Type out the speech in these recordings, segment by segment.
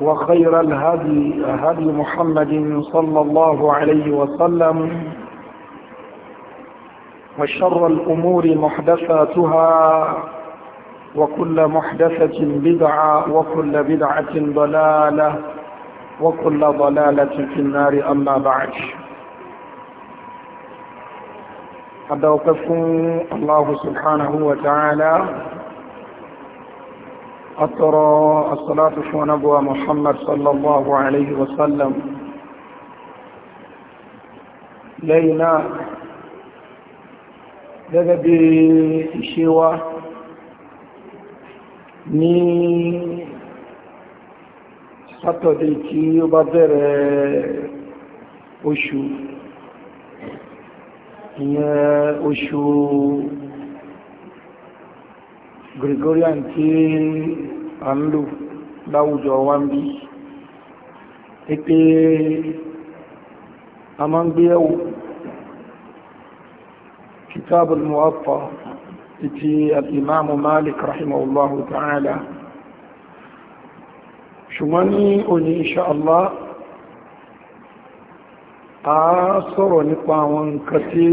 وخير الهدي هدي محمد صلى الله عليه وسلم وشر الأمور محدثاتها وكل محدثة بدعة وكل بدعة ضلالة وكل ضلالة في النار أما بعد وقفه الله سبحانه وتعالى أترى الصلاة ونبوة محمد صلى الله عليه وسلم لينا gẹ́gẹ́ bí ìṣe wa ní sátọ̀dé tí ó bá bẹ̀rẹ̀ oṣù ìyẹn oṣù Gregorian tí a ń lò láwùjọ wa ń bí pípé a máa ń gbé ẹ̀wò kitab al-muwatta títí al malik rahimahullahu ta'ala ṣùgbọ́n ní òní insha Allah a sọ̀rọ̀ nípa àwọn nǹkan tí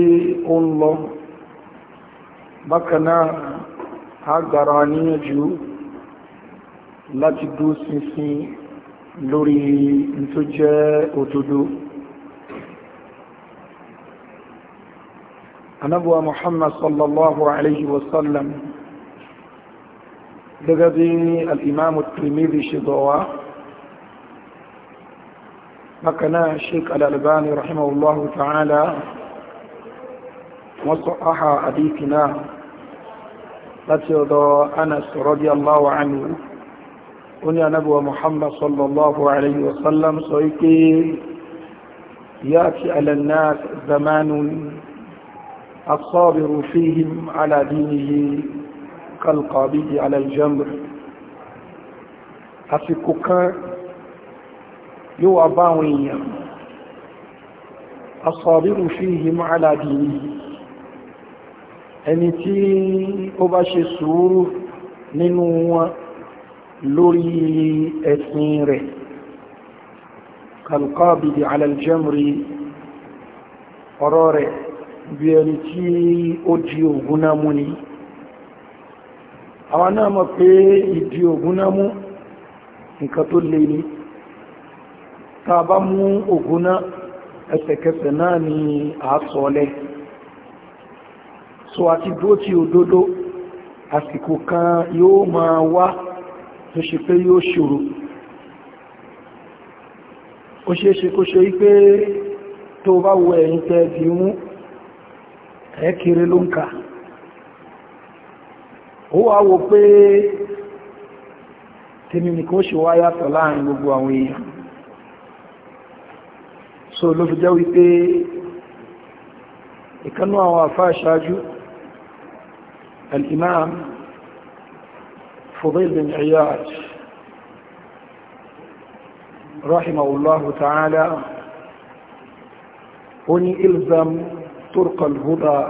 ó ń lọ bákanáà agbára níyànjú láti dú sínsín lórí tó jẹ́ òdodo anábuwa muhammad sallallahu alaihi wasallam gẹ́gẹ́ bí al'imamu trimidi ṣe gọ́wàá هكنا الشيخ الألباني رحمه الله تعالى وصحح حديثنا لاتي ودو انس رضي الله عنه ونيا نبو محمد صلى الله عليه وسلم سويكي ياتي على الناس زمان الصابر فيهم على دينه كالقابض على الجمر أسكوكا يو أباوين الصابر فيهم على دينه ẹni tí ó bá ṣe sùúrù nínú wọn lórí ẹ̀sìn rẹ̀ kalqabidi ala aljamri ọ̀rọ̀ rẹ̀ bí ẹni tí ó di ògùn náà ni àwọn náà mọ̀ pé ìdí ògùn nǹkan tó lè ní ta bá mú ògùn ẹsẹ̀kẹsẹ̀ náà ni àásọ̀ọ́lẹ́ so àti dúró ti òdodo àsìkò kan yóò máa wá tó ṣe pé yóò ṣòro ó ṣe é ṣe kó ṣe wípé tó bá wọ ẹ̀yìn tẹ́ di mú ẹ̀ kéré ló ń ka ó wá wo pé tèmi nìkan ṣe wá yàtọ̀ láàrin gbogbo àwọn èèyàn so ló fi jẹ́ wípé ìkanú àwọn àfáà ṣáájú الإمام فضيل بن عياش رحمه الله تعالى هني إلزم طرق الهدى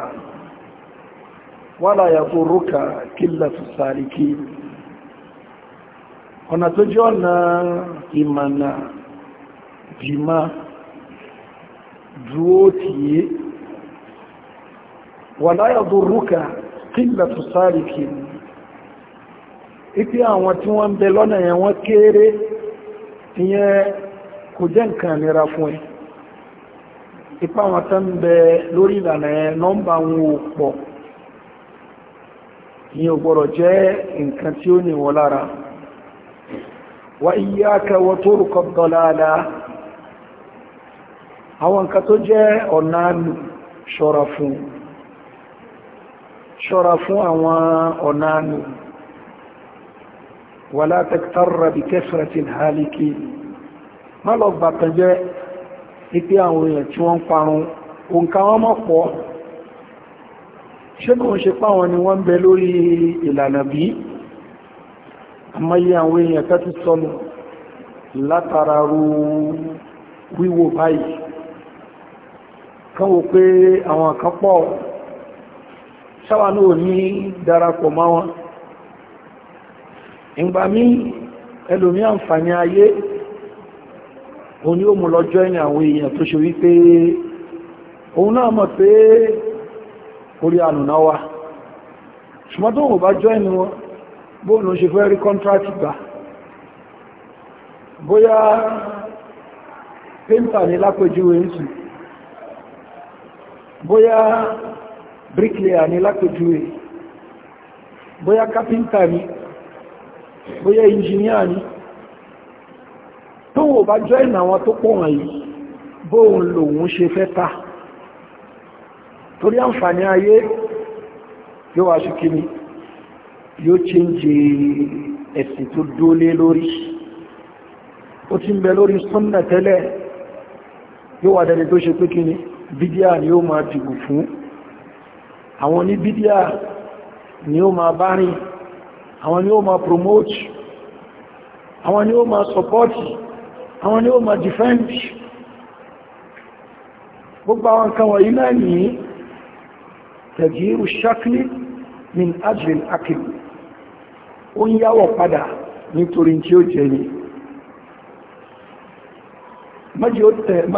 ولا يضرك كلة السالكين هنا تجعلنا إيمانا بما جوتي ولا يضرك qillatu salikin ipi àwọn tí wọ́n ń bẹ lọ́nà yẹn wọ́n kéré ìyẹn kò jẹ́ nǹkan nira fún ẹ ipa àwọn tó ń bẹ lórí ìlànà yẹn nọ́mbà wọn ò pọ̀ ìyẹn ò gbọ́dọ̀ jẹ́ nǹkan tí ó níwọ̀ lára wa iyyaka wa turuqa dalala àwọn nǹkan tó jẹ́ ọ̀nà ṣọ́ra fún un ṣọ́ra fún àwọn ọ̀nà nù wala taktarra bi kasratil haliki má lọ gbàtàn jẹ́ ipé àwọn èèyàn tí wọ́n parun òǹkà wọn mọ̀ pọ̀ ṣé kò ń ṣe páwọn ni wọ́n ń bẹ lórí ìlànà bí àmọ́yé àwọn èèyàn ká sọnù látara ru wíwò báyìí kan wò pé àwọn kan pọ̀ sáwà náà ní darapọ̀ mọ́ wọn ìgbà mí ẹlòmí àǹfààní ayé òun yóò mú lọ́jọ́ ẹ̀yìn àwọn èèyàn tó ṣe wípé òun náà mọ̀ pé orí ànùná wa ṣùgbọ́n tó wọ́n bá jọ ẹni wọn bóòlù ṣe fẹ́ rí kọ́ntrátì gbà bóyá pẹ́ntà ní lápẹjúwé ń sùn bóyá bricklayer ni lápẹjúwe bóyá kápíntà ni bóyá ìjìníà ni tóun ò bá jọ ìnà àwọn tó pọ̀ wọ̀nyí bóun lòun ṣe fẹ́ ta torí àǹfààní ayé yóò wá sí kíni yóò change ẹ̀sìn tó dólé lórí ó ti ń bẹ lórí sunna tẹ́lẹ̀ yóò wà dẹni tó ṣe pé kíni bídíà ni ó máa dìbò fún àwọn ní bídíà ni ó máa bá rìn àwọn ni ó máa promote àwọn ni ó máa support àwọn ni ó máa defend gbogbo àwọn kan wọ̀nyí náà ní tẹ̀gírù ṣáklì min ajrin akil ó ń yáwọ̀ padà nítorí tí ó jẹ́ ni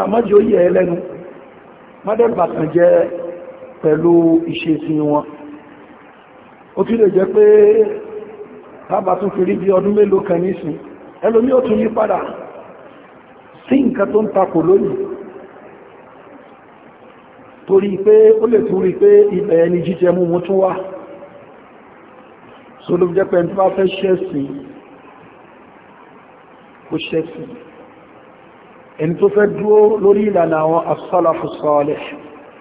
májí ó yẹ ẹlẹ́nu mọ́dẹ̀bàtàn jẹ́ pẹ̀lú ìṣesí wọn ó tí lè jẹ́ pé tábà tún fi rí bí ọdún mélòó kan nísìn ẹlòmí ó tún yí padà sí nǹkan tó ń takò lónìí torí pé ó lè tún rí pé ibẹ̀ ẹni jíjẹ mú mú tún wá so ló jẹ́ pé bá fẹ́ ṣẹ́sì kó ṣẹ́sì ẹni tó fẹ́ dúró lórí ìlànà àwọn as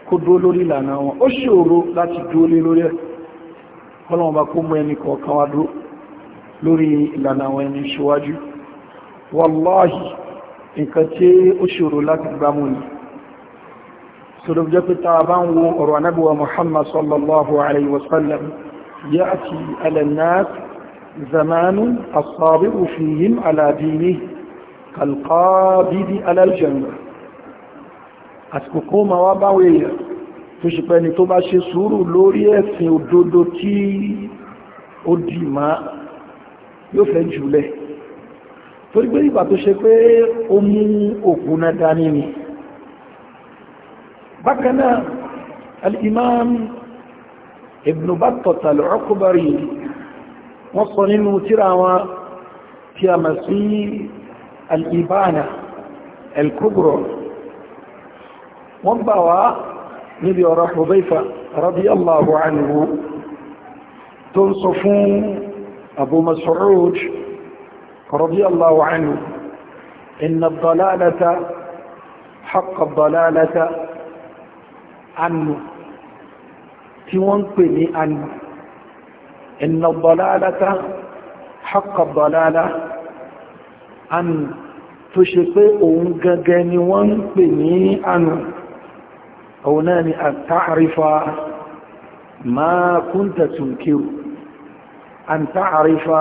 kó dúró lórí ìlànà wọn ó ṣòro láti dúró lé lórí ẹ̀ ọlọ́wọ́n bá kó mú ẹni kọ̀ọ̀kan wá dúró lórí ìlànà àwọn ẹni ṣíwájú wàláhì nǹkan tí ó ṣòro láti gbámú ni sọ́dọ̀ jẹ́ pé ta bá ń wo ọ̀rọ̀ anábíwa muhammad sallallahu alaihi wasallam ya'ti ala an-nas zamanun as-sabiru fihim ala dinihi kal àsìkò kó ma wá báwọn èèyàn tó ṣe pẹ́ni tó bá ṣe sùúrù lórí ẹ̀sìn òdodo tí ó dì má yóò fẹ́ jùlẹ̀ torí pé ìgbà tó ṣe pé ó mú òkun náà dání ni bákan al-imam ibn Battata al wọ́n sọ nínú tíra wọn tí a mọ̀ al-Ibana al-Kubra wọ́n gbà wá níbi ọ̀rọ̀ Hudhayfa radiyallahu anhu tó ń sọ fún Abu Mas'ud radiyallahu anhu inna ad-dalalata haqqa ad-dalalata anhu tí wọ́n pè ní anhu inna ad-dalalata haqqa ad tó ṣe pé òun gangan ni wọ́n pè ní anhu òun náà ni àtàrífà máa kúntà tunkiru àtàrífà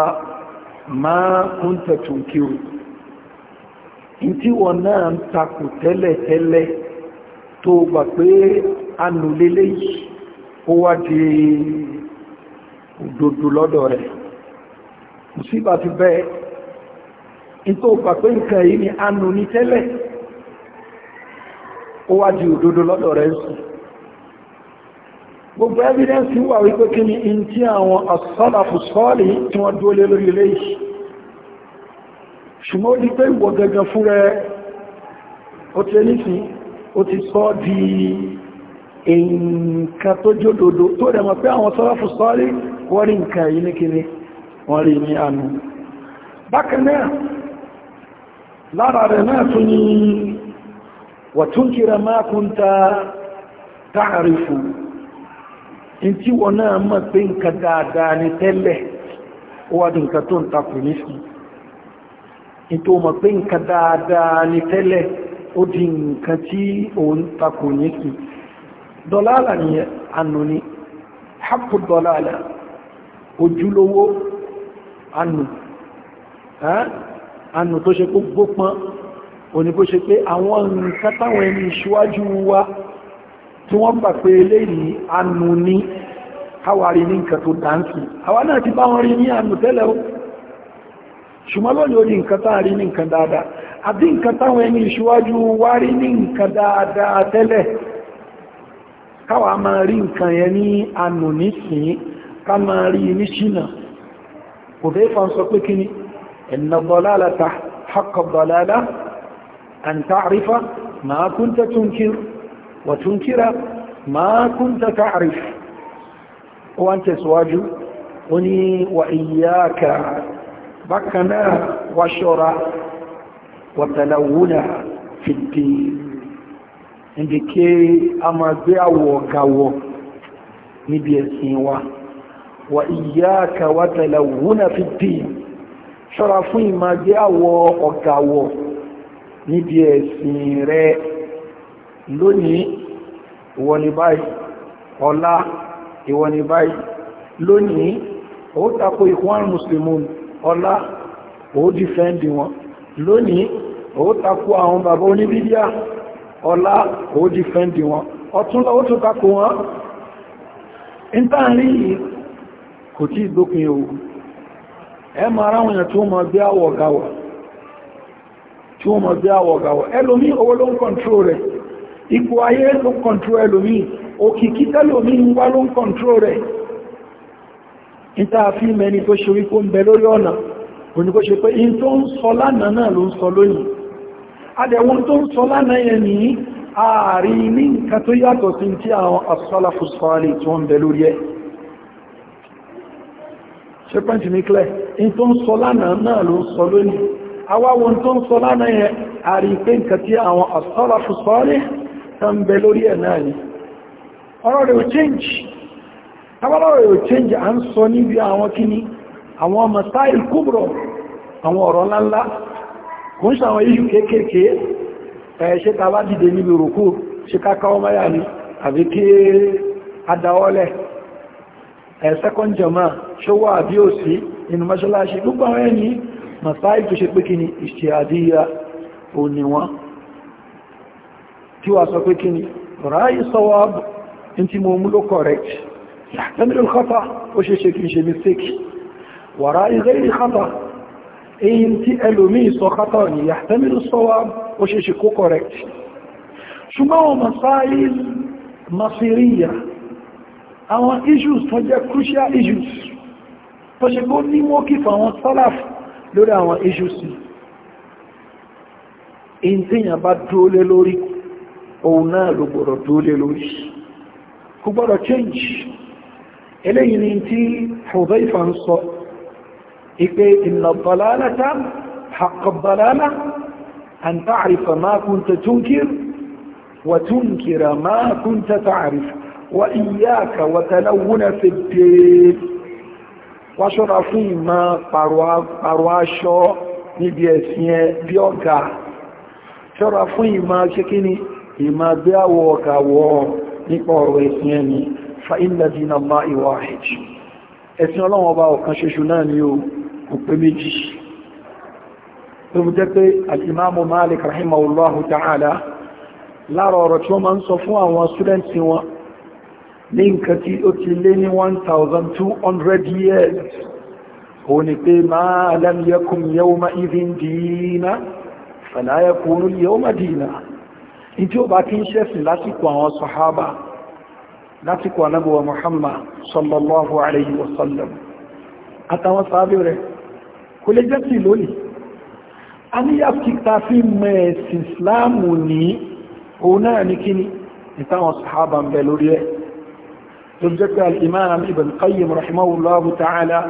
máa kúntà tunkiru in tí wọn náà ń takò tẹ́lẹ̀tẹ́lẹ̀ tó gbà pé anùlélé ó wá di òdòdó lọ́dọ̀ rẹ̀ kò síbà ti bẹ́ẹ̀ in tó gbà pé nǹkan yìí ni anù ní tẹ́lẹ̀ ó wá di òdodo lọ́dọ̀ rẹ̀ sí gbogbo evidensi wà wípé kí ni in tí àwọn asọ́làfù sọ́ọ̀lì tí wọ́n dúó lé lórí ilé yìí ṣùgbọ́n ó di pé ìwọ̀ gẹ́gẹ́ fún rẹ̀ ó ti ó ti sọ di nǹkan tó jódodo tó rẹ̀ mọ̀ pé àwọn sọ́làfù sọ́ọ̀lì wọ́n rí nǹkan yìí ní kíni wọ́n rí ní àánú bákan náà lára rẹ̀ náà tún ní wàtúnkìrà máa kún ta táàrífù in tí wọ́n náà mọ̀ pé nǹkan dáadáa ni tẹ́lẹ̀ ó wá di nǹkan tó ń takò nísìn in tó mọ̀ pé nǹkan dáadáa ni tẹ́lẹ̀ ó di nǹkan tí ó ń takò nísìn dọ́lálà ni ànú ni hapù dọ́lálà ojúlówó ànú tó ṣe kó gbópọn oníkó ṣe pé àwọn nǹkan táwọn ẹni ìṣíwájú wá tí wọ́n gbà pé eléyìí anù ní káwàrí ní nǹkan tó dáńtì àwa náà ti bá wọn rí ní anù tẹ́lẹ̀ o ṣùgbọ́n lónìí ó di nǹkan táà rí ní nǹkan dáadáa àbí nǹkan táwọn ẹni ìṣíwájú wá rí ní nǹkan dáadáa tẹ́lẹ̀ káwà máa rí nǹkan yẹn ní anù nísìnyí ká máa rí ní ṣìnà òbẹ́ fọ́n sọ pé kí ẹ̀nà bọ́lá أن تعرف ما كنت تنكر وتنكر ما كنت تعرف وأنت سواج أني وإياك بكنا وشرع وتلون في الدين níbi kí a máa gbé àwọ̀ ọ̀gàwọ̀ níbi ẹ̀sìn wa wà iyyaka wa talawuna fi ddin ṣọ́ra fún ìmá gbé àwọ̀ ọ̀gàwọ̀ níbi ẹ̀sìn rẹ lónìí ìwọ báyìí báyìí lónìí ó tako ikhwan muslimun ọlá ó wọn lónìí ó tako àwọn bàbá oníbídíà ọ̀la ó dìfẹ́ndì wọn ọtúnlọ ó tako wọn kò tí ẹ ma tó mọ bí tí wọ́n mọ̀ sí àwọ̀gàwọ̀ ẹlòmí owó ló ń kọ̀ntró rẹ̀ ipò ayé ló ń kọ̀ntró ẹlòmí òkìkí tẹ́lòmí ń wá ló ń kọ̀ntró rẹ̀ níta fi mẹ́ni tó ṣe wípó ń bẹ lórí ọ̀nà oníkó ṣe pé in tó ń sọ in tó ń sọ lánàá náà ló ń sọ lónìí awáwọn tó ń sọ lánàá yẹn àrífẹ́ nǹkan tí àwọn as-salafu salih tán bẹ lórí ẹ̀ náà ni ọ̀rọ̀ rẹ̀ ò change abọ́lọ́rọ̀ rẹ̀ ò change à ń sọ níbi àwọn kíní àwọn masáìl kubra àwọn ọ̀rọ̀ ńláńlá kò ń sàwọn iṣu kéékèèké ẹ̀ ṣe ta masáì tó ṣe pé kí ni ìṣẹ́àdíyà òní wọn tí wà sọ pé kí ni ráyí sọwọ́bù in ti mọ̀ mú ló correct yàtẹ́mìlò kọta ó ṣe ṣe kí n ṣe mistake wà ráyí gẹ́rì kọta èyí tí ẹlòmí sọ kọta ní yàtẹ́mìlò sọwọ́bù ó ṣe ṣe kó correct ṣùgbọ́n issues tó crucial issues tó ṣe kó ní mọ́kí lórí àwọn issues in tí yàn bá dúólé lórí òun náà ló gbọ́dọ̀ dúólé lórí kò gbọ́dọ̀ change eléyìn ni tí ìfà ń sọ ipe inna dalalata haqqa dalala an ta'rifa ma kunta tunkir wa tunkira ma kunta tààrífà wa iyáka wa talawuna fi ddin wá ṣọ́ra fún ìmọ̀ pàrọ̀ aṣọ níbi ẹ̀sìn ẹ bí ọ̀gá ṣọ́ra fún ìmọ̀ ṣe kí ni ìmọ̀ gbé àwọ̀ ọ̀gá wọ́ nípa ọ̀rọ̀ ẹ̀sìn ẹni fa inna dina Allahi wahid ẹ̀sìn ọlọ́wọ́ máa ń sọ ní nǹkan tí ó ti lé ní 1200 years ó ní pé ma lam yakun yawma idhin dina fala yakunu yawma dina ní tí ó bá kí ń ṣẹ́sìn lásìkò àwọn sahaba lásìkò anábọ̀wà Muhammad sallallahu alayhi wa sallam àtàwọn sàábí rẹ̀ kò lè jẹ́ sí lónìí a ní yàfíta fi mẹ́ẹ̀sì islamu ní òun náà ní kíni ìtàwọn sàábà ń bẹ lórí ẹ̀ تنجد الإمام ابن قيم رحمه الله تعالى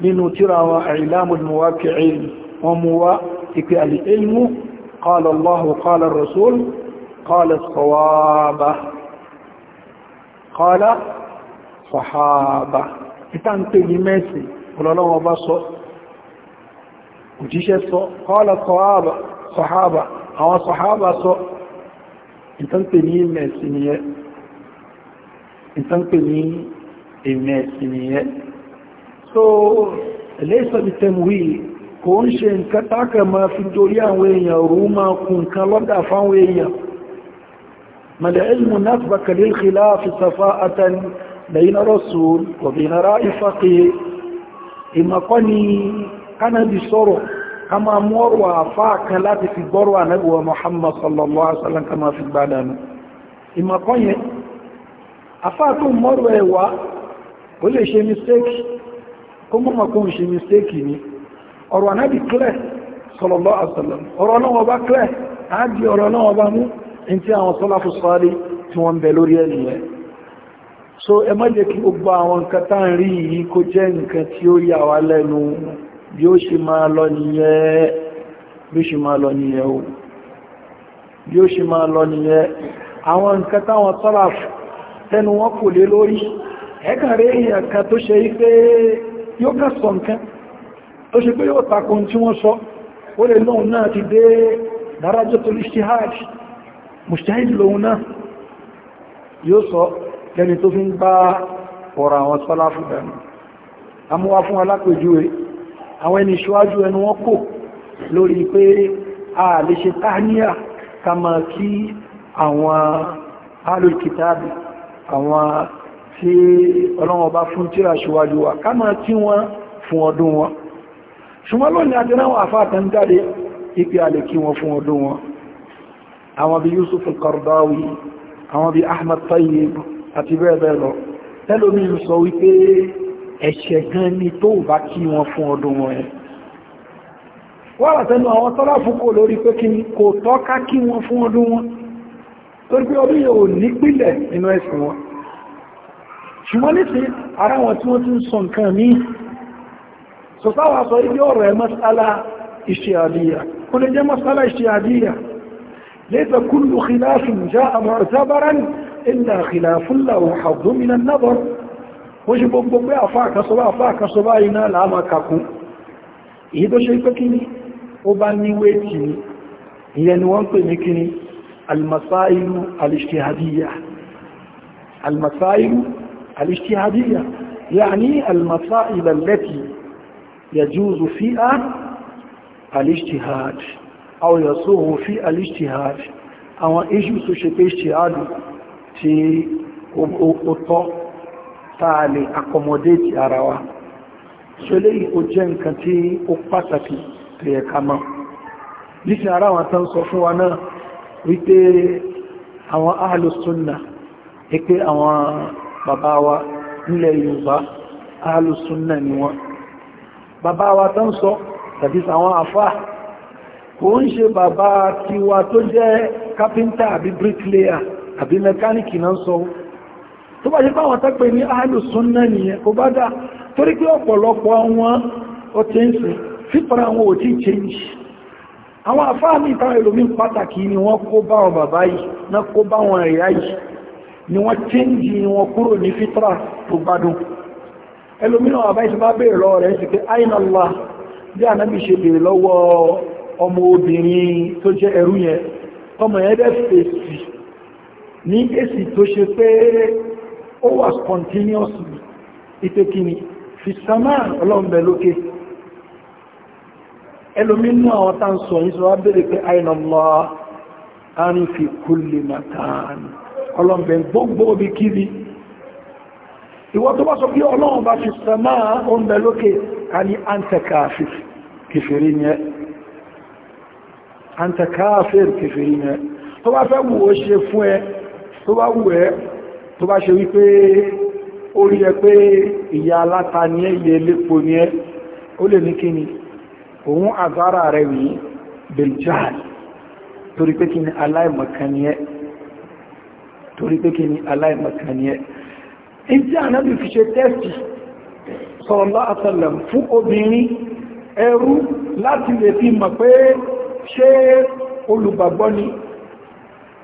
منه ترى وإعلام المواكعين ومواكع العلم قال الله قال الرسول قال الصواب قال صحابة تنتهي ميسي قال الله بصر وجيش قال الصواب صحابة أو صحابة صحابة تنتهي ميسي ìtànkè ní èmì ẹ̀sìn nìyẹn so ẹlẹ́sọ̀ ti tẹ̀mùwí kò ń ṣe nǹkan tákà máa fi dorí àwọn èèyàn rú máa kún nǹkan lọ́dà fáwọn èèyàn mẹ́lẹ̀ẹ́lmù náà bàkàlẹ̀ ìkìlá fi safá àtàn lẹ́yìn rọ́sùn kọ̀bìnara ìfàkẹ́ ìmọ̀kọ́ ni kánàbì sọ́rọ̀ ká máa mú ọ̀rọ̀ àfá kan láti fi gbọ́rọ̀ ànábì wa sallallahu alaihi wasallam fi gbádànù ìmọ̀kọ́ àfáàtò mọ́rọ̀ ẹ̀wà ó lè ṣe mistake kó mọ́mọ̀ kó ń ṣe mistake ni ọ̀rọ̀ anábì clear sallallahu alaihi wasallam ọ̀rọ̀ náà bá clear àádìí ọ̀rọ̀ náà bá mú in tí àwọn sọ́láfù tí wọ́n bẹ lórí ẹ̀nìyàn so ẹ má jẹ́ kí gbogbo àwọn nǹkan tá ń rí yìí kó jẹ́ nǹkan tí ó táwọn sọ́láfù tẹnu wọn kò lé lórí ẹ̀kàn rẹ̀ èèyàn kan tó ṣe pé yóò kà sọ nǹkan tó ṣe pé yóò takò tí wọ́n sọ ó lè lóun náà ti dé darajatul ijtihad mujtahid lóun náà yóò sọ lẹ́ni tó fi ń bá ọ̀rọ̀ àwọn sọ́láfù dánù amúwá fún alápèjúwe àwọn ẹni ṣíwájú ẹnu wọn kò lórí pé a lè ṣe táníà kama kí àwọn alul àwọn tí ọlọ́wọ́ bá fún tíra ṣíwájú wa ká máa tí wọ́n fún ọdún wọn ṣùgbọ́n lónìí àti náà àfáàtà ń jáde ipi alẹ́ kí wọ́n fún ọdún wọn àwọn bí Yusuf al àwọn bí Ahmad Tayyib àti bẹ́ẹ̀ lọ tẹ́lómi sọ wípé ni tó bá kí wọ́n fún ọdún wọn ẹ̀ wọ́n àtẹnu àwọn tọ́lá fún kò torí pé ọdún yóò nípìlẹ̀ nínú ẹ̀sìn wọn ṣùgbọ́n nísìn ara wọn tí wọ́n ti ń sọ nǹkan ní sọ̀táwà sọ ilé ọ̀rọ̀ ẹ mas'ala iṣẹ́ àdíyà kó lè jẹ́ mas'ala iṣẹ́ àdíyà laysa kullu khilafin ja'a mu'tabaran illa khilafun lahu haddun min an-nadar ó ṣe gbogbo pé àfá àkásọ́bá àfá pè ní kíní المسائل الاجتهادية المسائل الاجتهادية يعني المسائل التي يجوز فيها الاجتهاد أو يصوغ فيها الاجتهاد أو يجوز في اجتهاد في أطاق tààlè accommodate اراوا wa ṣẹlẹ̀ ìkò jẹ́ nǹkan tí ó اراوا تنصفوا انا wípé àwọn ahàlùsúnnà wípé àwọn bàbá wa nílẹ̀ Yorùbá ahàlùsúnnà ni wọ́n bàbá wa tó ń sọ tàbí àwọn àfá kò ń ṣe bàbá baba tó jẹ́ kápíntà àbí bricklayer àbí mẹkáníkì náà sọ tó bá jẹ́ pàwọn tẹ́pẹ́ ní ahàlùsúnnà nìyẹn kò bá dá torí pé ọ̀pọ̀lọpọ̀ wọn ó ti ń sìn fífara change àwọn àfáàmì ìtàn ẹlòmí pàtàkì ni wọ́n kó bá wọn bàbá yìí náà kó bá wọn ẹ̀yà yìí ni wọ́n tíǹdì wọn kúrò ní fitra tó gbádùn ẹlòmí náà bàbá ìsìn bá bèèrè lọ rẹ̀ sí pé àìnàlá bí ànábì ṣe bèèrè lọ́wọ́ ọmọ obìnrin tó jẹ́ ẹrú yẹn ọmọ yẹn dẹ̀ fèsì ní èsì tó ṣe fi samá ọlọ́mbẹ̀ ẹlòmínú àwọn tán sọ yìí sọ wá bèèrè pé àìnà lọ àrùn fi kulli makan ọlọ́m̀bẹ̀ gbogbo bí kiri ìwọ́n tó bá sọ pé ọlọ́run bá ṣe sàmá oúnjẹ lókè a ní antakafir kìfèrí yẹn antakafir kìfèrí tó bá fẹ́ wù ó ṣe fún ẹ tó bá wù ẹ tó bá ṣe wípé ó rí ẹ pé ìyá aláta ni lépo ni ẹ ó lè ní kíni òun àzára rẹ̀ wí biljahal torí pé kí ni aláìmọ̀kaníẹ́ torí pé kí ni aláìmọ̀kaníẹ́ in tí ànábì fi ṣe tẹ́sì sallallahu alaihi wasallam fún obìnrin ẹrú láti lè fi mọ̀ pé ṣé olùgbàgbọ́ ni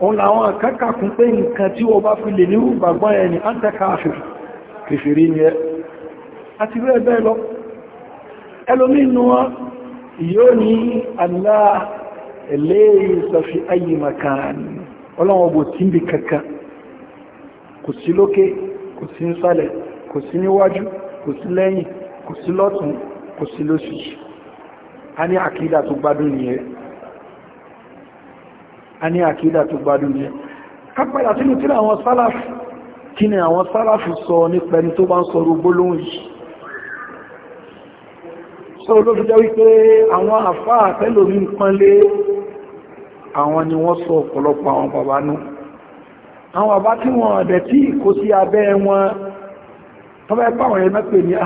òun làwọn akẹ́kàkún pé nǹkan tí wọ́n bá fi lè nírú gbàgbọ́ ẹ̀ ni antakafir kìfìrí ni ẹ yóò ní Allah laysa fi ayyi makan ọlọ́wọ́ bò tí ń bi kankan kò sí lókè kò sí nísàlẹ̀ kò sí níwájú kò sí lẹ́yìn kò sí lọ́tún kò sí lósì a ní àkídà tó gbádùn nìyẹn a ní àkídà tó gbádùn nìyẹn kápẹ́lá sínú tí àwọn sálàfù kí ni àwọn sálàfù sọ nípa ẹni tó bá ń sọ rú gbólóhùn yìí so olóbi jẹ́ wípé àwọn àfáà tẹ́lòmí nǹkan àwọn ni wọ́n sọ ọ̀pọ̀lọpọ̀ àwọn bàbá nú àwọn bàbá tí wọ́n ọ̀dẹ̀ tí kò sí abẹ́ wọn tọ́bẹ̀ pàwọn ẹ̀mẹ́ pè ní pé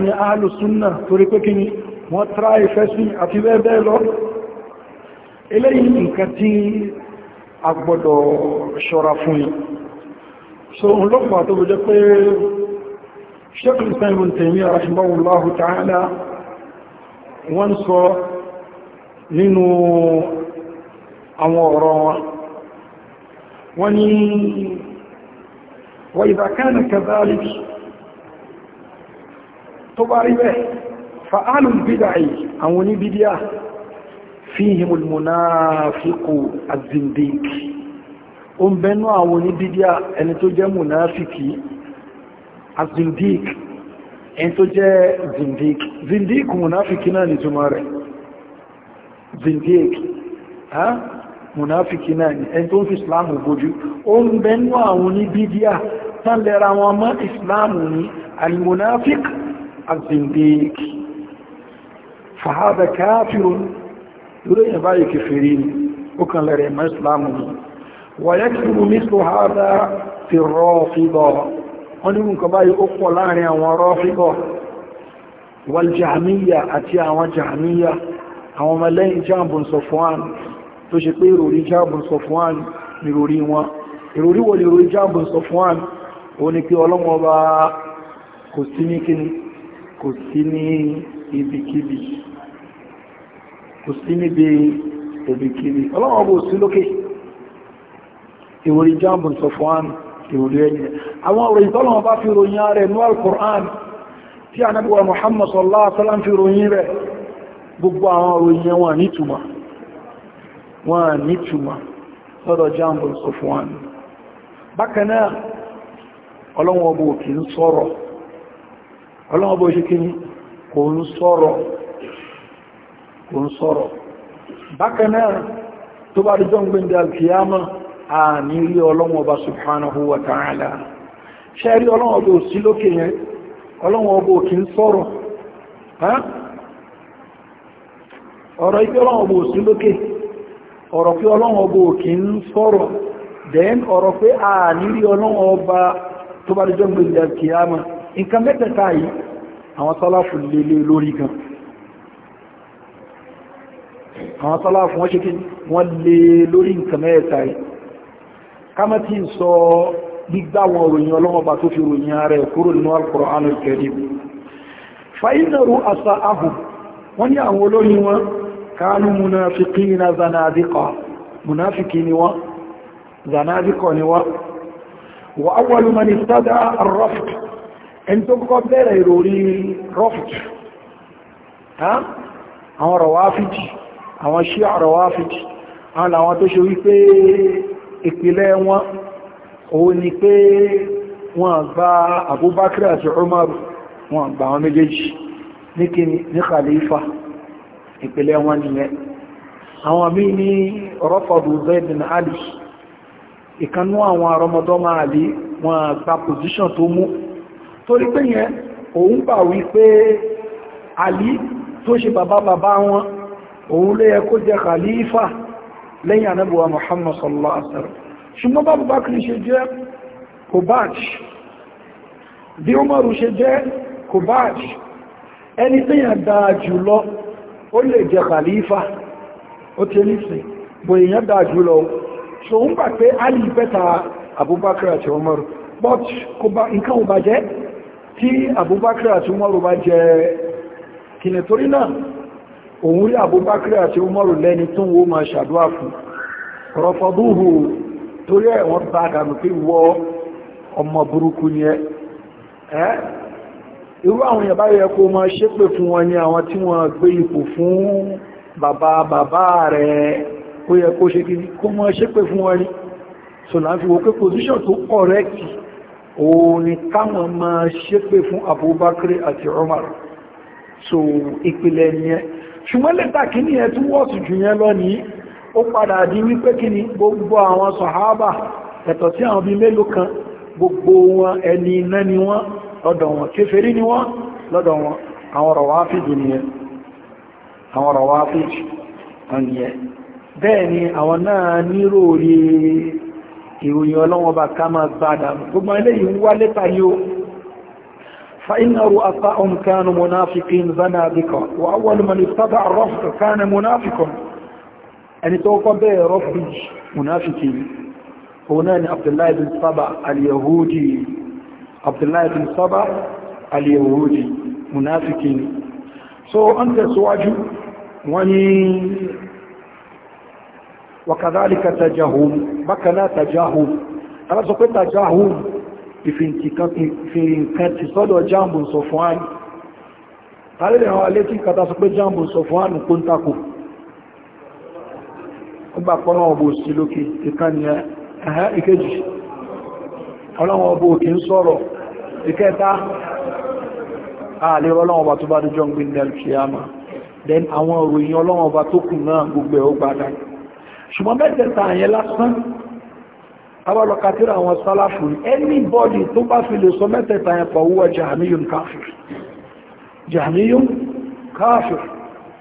ni alùsùnà torí pé kíní wọ́n tra àti bẹ́ẹ̀ bẹ́ẹ̀ eléyìí nǹkan tí a gbọ́dọ̀ ṣọ́ra fún yìí so n lọ́pàá tó bẹ̀jẹ́ pé ṣekùn simon tèmí rahimahullahu ta'ala wọ́n sọ nínú àwọn ọ̀rọ̀ wọn wọ́n ni wà ìdàkánà kazalik tó àwọn oníbídíà fíhìm almunafiku azindik o ń bẹnu àwọn oníbídíà ẹni tó jẹ́ munafiki azindik ẹni tó jẹ́ zindik zindik munafiki náà ni túnmọ̀ rẹ̀ zindik ha munafiki náà ni ẹni tó ń fi islamu bójú o ń bẹnu àwọn oníbídíà tán wọn mọ́ islamu ni almunafik azindik fahada kafirun irú èyàn báyìí kèfèrí ni ó kàn lẹ́rẹ̀ mọ́ ìsìláàmù ni wọ̀yẹ́ kí mú ní sọ hádá ti rọ́ fígọ́ wọ́n ní nǹkan báyìí ó pọ̀ láàrin àwọn rọ́ fígọ́ wal jahmiya àti àwọn jahmiya àwọn ọmọlẹ́yìn jáàbùn sọfọ́án tó ṣe pé ìròrí jáàbùn sọfọ́án ìròrí wọn ìròrí wọ́n ìròrí jáàbùn sọfọ́án ó ní pé ọlọ́wọ́ kò sí ní kíní kò sí ní ibikíbi kò sí níbi òbíkiri ọlọ́wọ́ bó sí lókè ìwòrí jambu sọfọ́án ìwòrí ẹ̀yẹ àwọn òròyìn tọ́lọ́wọ́ bá fi ròyìn ààrẹ ní al-Qur'an tí a nábíwá Muhammad sallallahu fi ròyìn rẹ̀ gbogbo àwọn òròyìn wọn nítumọ̀ wọn nítumọ̀ kò ń sọ̀rọ̀ bákan náà tó bá rí jọ́n gbẹ̀ndẹ̀ alkiyama a ní rí ọlọ́wọ́ ọba subhanahu wa ta'ala ṣe rí ọlọ́wọ́ ọba òsí lókè yẹn ọlọ́wọ́ ọba òkè ń ọ̀rọ̀ ikẹ́ ọlọ́wọ́ lókè ọ̀rọ̀ pé ọlọ́wọ́ ń a ní rí ọlọ́wọ́ tó bá rí gbẹ̀ndẹ̀ alkiyama àwọn sálàfún wọ́n ṣe kí wọ́n lè lórí nǹkan mẹ́ẹ̀ta ẹ̀ kámẹ́ tí ń sọ gbígbà wọn ròyìn ọlọ́mọba tó fi ròyìn ààrẹ kúrò nínú al-Qur'an al-Karim fàínàrú àṣà ahù wọ́n ní àwọn olórin wọn kánú munafiqina zanadiqa munafiki ni àwọn ṣí àrọ̀wáfíjì àwọn làwọn tó ṣe wípé ìpìlẹ̀ wọn òun ni pé wọ́n gba Abubakar àti Umar wọ́n gba àwọn méjèèjì ní kíni ní khalifa ìpìlẹ̀ wọn nìyẹn àwọn míì ní rọ́fọ̀dù Zayd Ali ìkanú àwọn arọmọdọ́mọ àlè wọ́n gba pòsíṣàn tó mú torí pé yẹn òun gbà wípé Ali tó ṣe bàbá bàbá wọn òun ló yẹ kó jẹ khalifa lẹ́yìn anábùwà muhammad sallallahu alaihi wasallam ṣùgbọ́n bá bukakiri ṣe jẹ́ kobach bí umaru ṣe jẹ́ kobach ẹni tí yàn dáa jùlọ ó lè jẹ khalifa ó ti nífẹ̀ bò èyàn dáa jùlọ so ń gbà pé alì pẹ́ta abubakar àti umaru but nǹkan ò bá jẹ́ tí abubakar àti umaru bá jẹ kìnnìtorí náà òun rí àbúbákírí àti umaru lẹ́ni tún wó ma ṣàdúwà fún rọ̀fọ̀dúhù torí ẹ̀wọ̀n bá dànù pé wọ ọmọ burúkú ni ẹ́ irú àwọn ìyàbá yẹ kó ma ṣépè fún wọn ni àwọn tí wọ́n gbé ipò fún bàbá bàbá rẹ̀ ó yẹ kó ṣe kí kó ma ṣépè fún wọn ni so náà fi wo pé position tó correct òun ni káwọn ma ṣépè fún àbúbákírí àti umar so ìpìlẹ̀ ni ẹ́ ṣùgbọ́n lẹ́ta kí ní ẹ̀ tún wọ́sù jù yẹn lọ ní ó padà di wípé kí ni gbogbo àwọn sọ̀háábà ẹ̀tọ̀ sí àwọn bí mélòó kan gbogbo wọn ẹni iná ni wọ́n lọ́dọ̀ wọn kéferí ni wọ́n lọ́dọ̀ wọn àwọn rọ̀wáfíjì nìyẹn àwọn rọ̀wáfíjì ọ̀nìyẹn bẹ́ẹ̀ ni àwọn náà nírò orí ìròyìn ọlọ́wọ́ba ká máa gbádà gbogbo eléyìí ń wá lẹ́ta فإن رؤساءهم كانوا منافقين زنادقة وأول من ابتدع الرفض كان منافقا أن يعني توقف به رفض منافقين هنا يعني عبد الله بن سبع اليهودي عبد الله بن سبع اليهودي منافقين so أنت سواجه وني وكذلك تجاهم بكنا تجاهم أنا سأقول تجاهم ìfìǹkan ti sọ́dọ̀ jambu sọ fún àánì alẹ́lẹ̀ àwọn alétí kata sọ pé jambu sọ fún àánì kó ń takò ọgbà pọ́nà ọbọ̀ sí lókè ìkànnì ẹ̀hẹ́ ìkejì ọlọ́wọ́ ọbọ̀ òkè ń sọ̀rọ̀ ìkẹta ààlẹ́ ọlọ́wọ́ ọba tó bá dújọ́ then àwọn òròyìn ọlọ́wọ́ ọba tó kù náà gbogbo ẹ̀ ó gbádá àwọn kàtírà àwọn sálàfù anybody tó bá fi lè sọ mẹ́tẹ̀ẹ̀ta yẹn pọ̀ wúwọ́ jahmiyun káfir jahmiyun káfir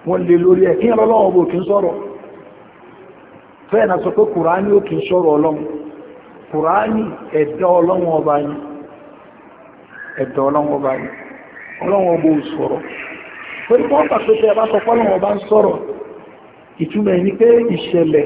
wọ́n lè lórí ẹ̀ kí ẹ̀rọ lọ́wọ́ bó kí ń sọ̀rọ̀ fẹ́ẹ̀ na sọ pé kùránì ó kí ń sọ̀rọ̀ ọlọ́run kùránì pé ìṣẹ̀lẹ̀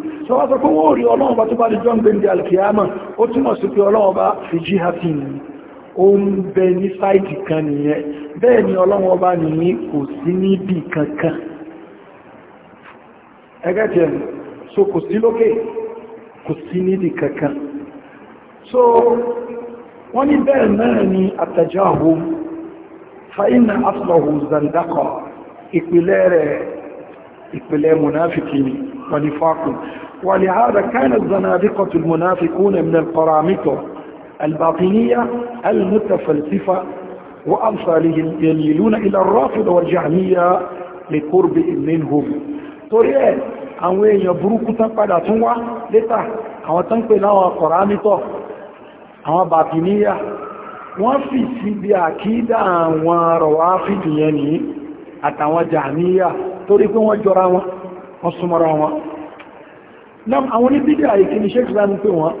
sọ́wọ́ sọ pé wọ́n rí ọlọ́run bá tó bá di john bendi alkiyama ó túnmọ̀ sí pé ọlọ́run bá fi jí hafi ó ń bẹ ní sáìtì kan nìyẹn bẹ́ẹ̀ ni ọlọ́run bá ní kò sí níbi kankan ẹgẹ́jẹ̀ so kò sí lókè kò sí níbi kankan so wọ́n ní bẹ́ẹ̀ náà ni àtàjáhù ìpìlẹ̀ rẹ̀ ìpìlẹ̀ mùnáfikì ni ni fákùn ولهذا كانت ز المنافقون من القرامطة الباطنية المتفلسفة وأمثالهم يميلون إلى الرافضة ى لقرب منهم طريق أنه يبروك تنقل أتنوى لتح أو تنقل أو قرامتة أو باطنية وفي سبي أ ك ي يعني أ ت طريق وجرامة وصمرامة nam àwọn oníbídà ìkíni ṣékìlá ń pè wọ́n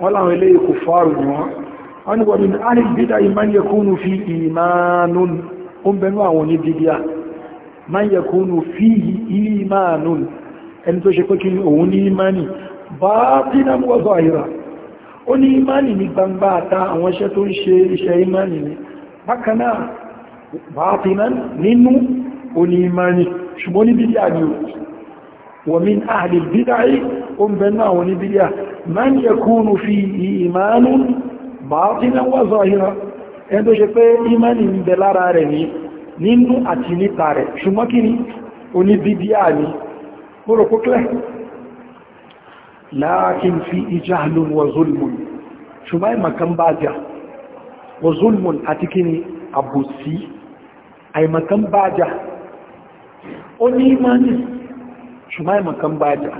wọ́n láwọn ilé ikò fọ́ọ̀rù ni wọ́n wọ́n ni wọ́n ni a ní bídà ìmáyẹkúnù fi ìmánún ó ń bẹnu àwọn oníbídà máyẹkúnù fi ìmánún ẹni tó ṣe pé kí òun ní ìmánì bá tí náà mú ọzọ àyíra ó ní ìmánì ní gbangba àta àwọn iṣẹ́ tó ń ṣe iṣẹ́ ìmánì ni bákanáà bá tí náà nínú ó ní ìmánì ṣùgbọ́n ní bídà ni ومن أهل البدع أم بناه لبدع من يكون فيه إيمان باطنا وظاهرا ẹ̀dọ́ ṣe pé imani ń bẹ lára rẹ̀ ní nínú àti níta rẹ̀ ṣùgbọ́n kí ni oníbídíà ni mọ́rò kókẹ́ láàkín fi jahlun wa zulmun ṣùgbọ́n ìmọ̀kan bá jà wa zulmun àti kí ni àbòsí àìmọ̀kan bá jà ó ní imani ṣùgbọ́n ìmọ̀kan bá jà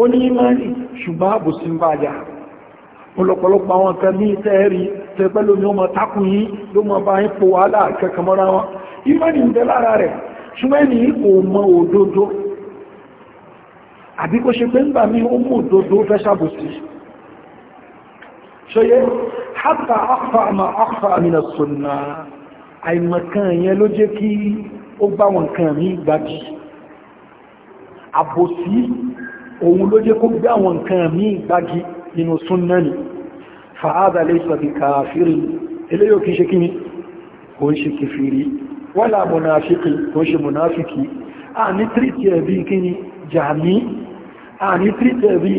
ó ní ìmọ̀ni ṣùgbọ́n àbòsí ń bá jà ọlọ́pọ̀lọpọ̀ àwọn kan ní ìtẹ́ẹ̀rí tẹ́pẹ́lú ni ó mọ̀ takùn yí ló mọ̀ bá ń po wàhálà kẹkẹmọ́ra wọn ìmọ̀ni ń bẹ lára rẹ̀ ṣùgbọ́n ẹni kò mọ òdodo àbí kó ṣe pé ń gbà mí ó mú wọn kan ní ìgbàjì àbòsí òun ló jẹ́ kó gbé àwọn nǹkan mí gbági nínú súnnà ni fa'ada laysa bi kafirin eléyò kìí ṣe kíni kò ń ṣe kìfìrí wala munafiki kò ń ṣe munafiki a ní tríti ẹ̀bí kíni jami a ní tríti ẹ̀bí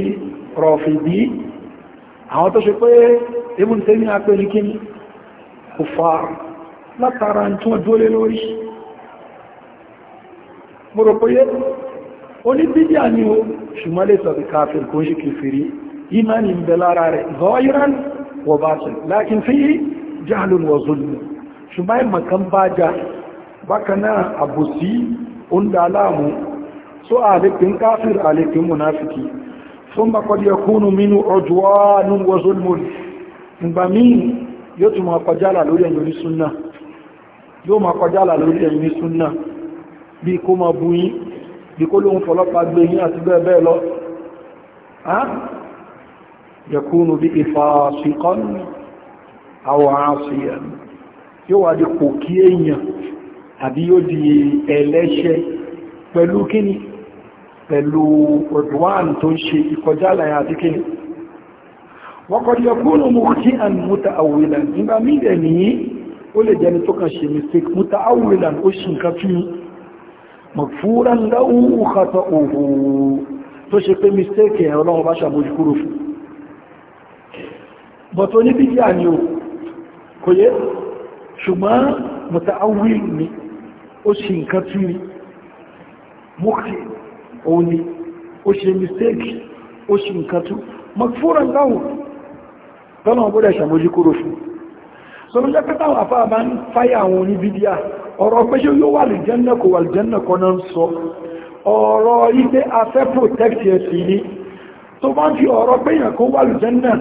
rọ̀fìdí àwọn tó ṣe pé ibùn tẹ́mi a pé ní kíni kò fa látara tí wọ́n dúólé lórí mo rò pé oníbídíà ni ó ṣùgbọ́n lè sọ̀bí káfí kò ṣe kìfìrí ìmáni ń bẹ lára rẹ̀ zọ́ọ̀yìrán wọ bá ṣe lákin fi jáàlùn wọ zulmi ṣùgbọ́n ìmọ̀ kan bá já bákanáà àbòsí oúnjẹ aláàmú so àlèkín káfíìr àlèkín munafiki fún bakọdí ẹkúnnù mínú ọjọ́wánú wọ zulmi ìgbà míì yóò tún máa kọjálà bí kó máa buyín bí kó lóhun fọlọ́pàá gbé yí àti bẹ́ẹ̀ bẹ́ẹ̀ lọ yẹkúnù bí ìfàṣíkọ́n àwọn àṣíyàn yóò wà di kò kí èèyàn àbí yóò di ẹlẹ́ṣẹ̀ pẹ̀lú kíni pẹ̀lú ọdúnwàn tó ń ṣe ìkọjálà àti kíni mọ̀fúran láwú kàtọ̀ òhun tó ṣe pé mistake ẹ̀ ọlọ́run bá ṣàbójú kúrò fún but ó ní bídí à ní o kò yẹ ṣùgbọ́n mọ̀ta awil ni ó ṣe nǹkan tí ni mọ́kì òun ni ó ṣe mistake ó ṣe nǹkan tí mọ̀fúran láwú tọ́nà ọgbọ́dẹ̀ ṣàbójú kúrò fún so ló jẹ́ pẹ́tàwà ọ̀rọ̀ pé yóò yóò wà lè jẹ́nà kò wà lè jẹ́nà kan náà ń sọ ọ̀rọ̀ ipé afẹ́ protect ẹ̀sìn ni tó bá fi ọ̀rọ̀ pé èyàn kan wà lè jẹ́nà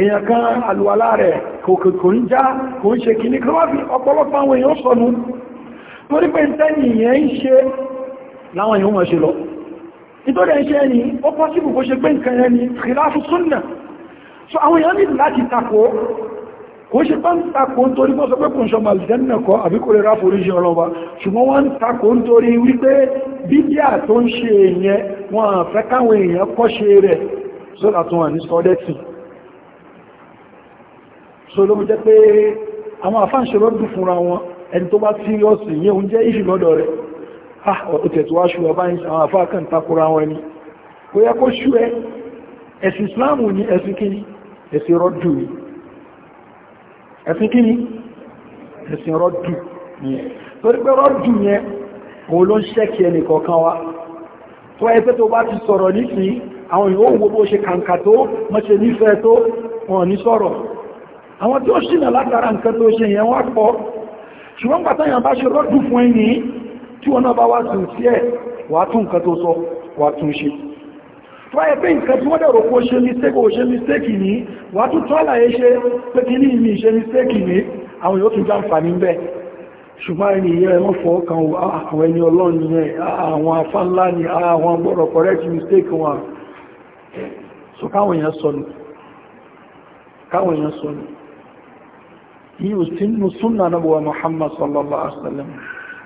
èyàn kan alùwàlá rẹ̀ kò ń já kò ń ṣe kìíní kan wá fi ọ̀pọ̀lọpọ̀ àwọn èèyàn sọnù torí pé tẹ́yìn yẹn ń ṣe láwọn èèyàn wọ́n ṣe lọ nítorí ẹ̀ṣẹ́ ẹni ó pọ́síbù kó ṣe kò ṣe bá ń takò ń torí bọ́ sọ pé kùn ṣọmọ àlìjẹ́nà kọ́ àbí kò lè rá foríṣi ọlọ́ba ṣùgbọ́n wọ́n ń takò ń torí wípé bíbíà tó ń ṣe èèyàn wọn àfẹ́ káwọn èèyàn kọ́ ṣe rẹ̀ sódà tó ah, wà ni kò yẹ kó ṣú ẹ ẹ̀sìn Islam ní ẹ̀sìn rọ́dù yìí ẹ̀sìn kí ni ẹ̀sìn rọ́dù yẹn torí pé rọ́dù yẹn òun ló ń ṣẹ́kì ẹnì kọ̀ọ̀kan wa tó ẹgbẹ́ tó bá ti sọ̀rọ̀ nísìn àwọn yóò wo bó ṣe kàǹkà tó mọ́ṣe nífẹ̀ẹ́ tó wọn ní sọ̀rọ̀ àwọn tí ó ṣìnà látara nǹkan tó ṣe yẹn wá pọ̀ ṣe tó ayẹ pé nǹkan tí wọ́n dẹ̀ rọ̀pọ̀ ṣe mistake ò ṣe mistake ní wà tún tọ́ àlàyé ṣe pé kí ní ìmì ṣe mistake ní àwọn yóò tún já ń fà ní bẹ́ ṣùgbọ́n ẹni ìyẹ́ wọ́n kan ah, àwọn ẹni ọlọ́run ni ah, àwọn ni ah, àwọn gbọ́rọ̀ correct mistake wọn so káwọn èèyàn sọ ni káwọn èèyàn sọ ni yíò sí Muhammad sallallahu alaihi wasallam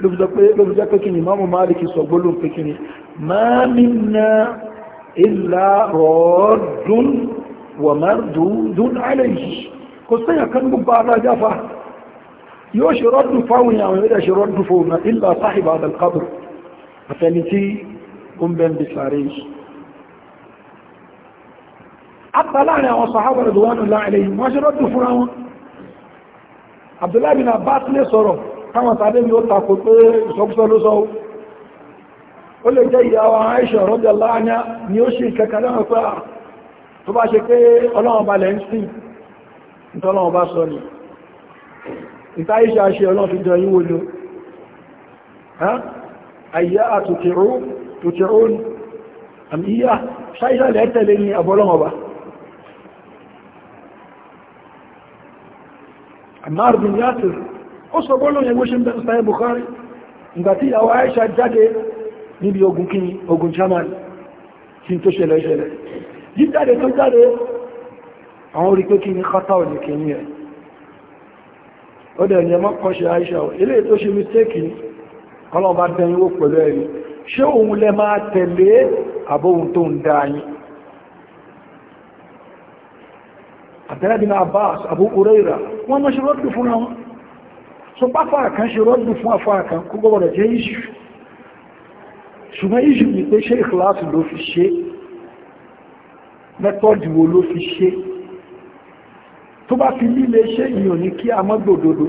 ló fi jẹ́ pé kí ni Imam Malik sọ gbólóhùn pé ni máa ìlà rọ̀ọ́dún wọ̀mọ́dún aláìsí kò sẹ́yà kan gbogbo ara jáfà yóò ṣe rọ́dún fáwọn yàwọn ìrẹ́ ṣe rọ́dún fóònà ìlà sáhìbà àdàlkábù àtẹni tí ó ń bẹ́ẹ̀ bí sàárè yìí àpá láàrin àwọn sàhábà rẹ̀ lọ́wọ́nù láàrin yìí wọ́n ṣe rọ́dún fúnra wọn Abdullahi bin Abbas lè sọ̀rọ̀ káwọn sàárè yóò tako pé ìsọkúsọ ló sọ ó lè jẹ́ ìyá wa Aisha radiyallahu anha ni ó ṣe kẹkẹ lọ́wọ́ pé à ah, tó bá ṣe pé ọlọ́wọ́ bá lẹ́ ń sìn ìtọ́lọ́wọ́ bá sọ ni ìta Aisha ṣe ọlọ́wọ́ fi jọ yín wo lo àyíyá àtòkèrún àmìyá ṣáyíṣà lẹ́tẹ̀lé ni àbọ́lọ́wọ́ bá Ammar bin Yasir ó sọ bọ́lọ́ jáde níbi ogun kíni ogun germany tí tó ṣẹlẹ̀ ṣẹlẹ̀ jíjáde tó jáde àwọn orí pé kí ní kátà ò ní kìíní ẹ̀ ó dẹ̀ ní ẹmọ́ kọ́ ṣe àìṣà ò ilé tó ṣe mistéèkì ọlọ́run bá dẹ̀yìn wó pẹ̀lú ẹ̀rí ṣé òun lẹ máa tẹ̀lé àbóhun tó ń dá ṣùgbọ́n ìṣù ni pé ṣe ìkìláàsì ló fi ṣe mẹ́tọ́dì wo ló fi ṣe tó bá fi líle ṣe ìyàn ní kí a mọ́gbòdodo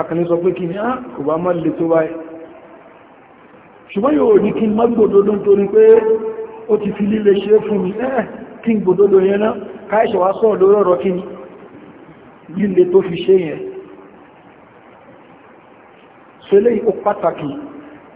akẹni sọ pé kí ní á ah, kò bá mọ́ lè tó báyìí ṣùgbọ́n yóò ní kí mọ́gbòdodo nítorí pé ó ti fi líle ṣe fún mi ẹ́ eh, kí n gbòdodo yẹn náà káìṣẹ̀ wá sọ̀rọ̀ lórí ọ̀rọ̀ kí ni líle tó fi ṣe yẹn ṣe léyìí ó pàtàkì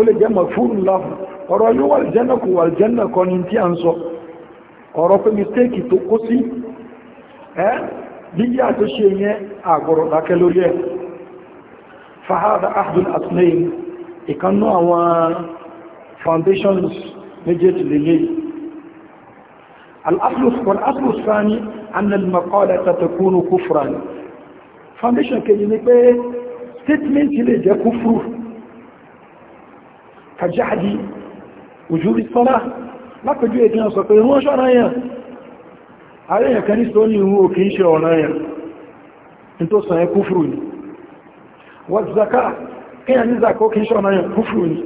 ó lè jẹ́ mafúrù láàfù ọ̀rọ̀ yóò wà jẹ́nà kò wà jẹ́nà kọ́ ní tí a ń sọ ọ̀rọ̀ pé mistéèkì tó kó sí ẹ́ yíyá tó ṣe yẹn àgbọ̀rọ̀ dákẹ́ lórí ẹ̀ fahada ahdun atnayin ìkanú àwọn foundations méjèèjì lélẹ̀ al-aslus statement ilé jẹ́ kúfúrú kàjáàdì òjúrí sọ́lá lápẹjú èdè náà sọ pé wọ́n ṣọ́ra yàn àríyàn kan ní sọ ní ìwú òkè ń ṣe ọ̀rọ̀ yàn ní tó sọ ẹ kúfùrù ni wọ́n zaka kíyàn ní zaka òkè ń ṣe ọ̀rọ̀ yàn kúfùrù ni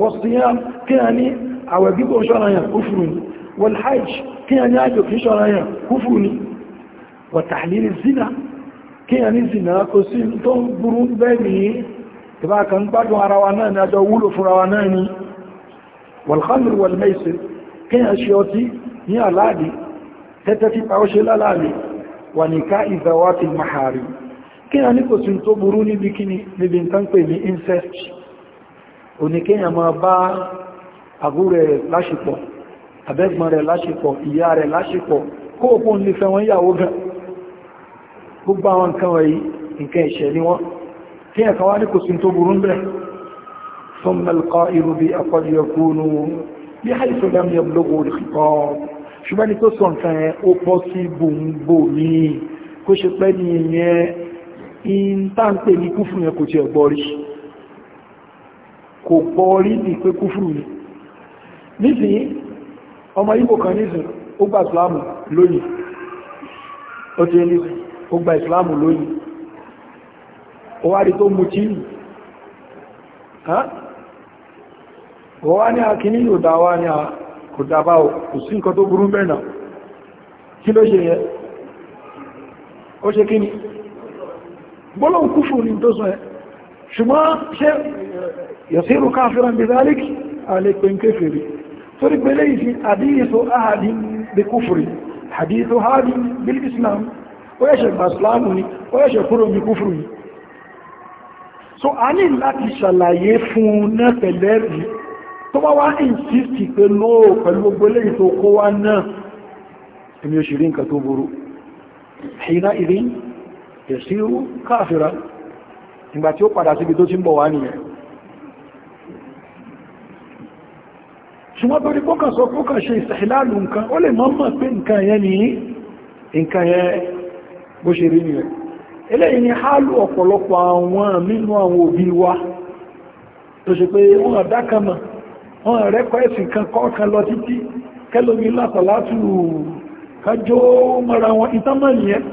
wọ́n siyam ní àwẹ̀ ìbá kan gbádùn ara wa náà ni àjọ wúlò fúnra wa náà ni walhamdur walmaisir kíyàn ṣe ọtí ní aláàdì tẹ́tẹ́ tí pa ó ṣe láláàdì wà ní ká ìzàwátì mahari kíyàn ní kò sí tó burú níbi kíni níbi nǹkan pè ní incest òní kíyàn máa bá àbúrò rẹ̀ láṣepọ̀ àbẹ́gbọ́n rẹ̀ láṣepọ̀ ìyá rẹ̀ láṣepọ̀ kóòkún nífẹ́ wọn yàwó gan gbogbo àwọn nǹkan wọ̀nyí nǹkan ìṣẹ́ ni wọ́n kí ẹ̀kọ́ wá ní kò sí tó burú bẹ́ ثم القائل بأقل يكون بحيث لم يبلغه الخطاب ṣùgbọ́n ni tó sọ nǹkan ẹ̀ ó pọ́ sí gbòǹgbò ní kó ṣe pẹ́ ní ìyẹn in táǹpé ní kúfù yẹn kò tí ẹ̀ ó wá rí tó mú tí ó wá ní àkíní yóò dá wá ní àkùdábá kò sí nǹkan tó burú mẹ́nà kí ló ṣe yẹ ó ṣe kí ni gbọ́lọ̀n kúfù ní tó sọ ẹ ṣùgbọ́n ṣe yasiru káfíran bí zálíkì alẹ́pẹ̀ ń kéfèrè torí pẹ̀lẹ́ ìfi àdíyìsọ ahadin bí kúfùrí hadithu hadin bil islam ó yẹ́ṣẹ̀ gbàsùlámù ni ó yẹ́ṣẹ̀ kúrò bí so a ní láti ṣàlàyé fún náà pẹ̀lẹ́rìí tó bá wá insist pé lóò pẹ̀lú gbogbo lẹ́yìn tó kó wá náà èmi ò sì rí nǹkan tó burú ṣìnà ìrìn yẹ̀sírú káàfìrà ìgbà tí ó padà síbi tó ti ń bọ̀ wá nìyẹn ṣùgbọ́n tó ní sọ kọ́kàn ṣe ìsàìláàlù nǹkan ó lè mọ́ mọ̀ pé nǹkan yẹn ni nǹkan yẹn bó ṣe rí nìyẹn eléyìí ni hálù ọ̀pọ̀lọpọ̀ àwọn nínú àwọn òbí wa tó ṣe pé wọ́n àdákanmọ̀ wọ́n rẹ́kọ́ ẹ̀sìn kan kọ́ọ̀kan lọ títí kẹlòmí látọ̀látù kájó mara wọn ìtánmọ̀ nìyẹn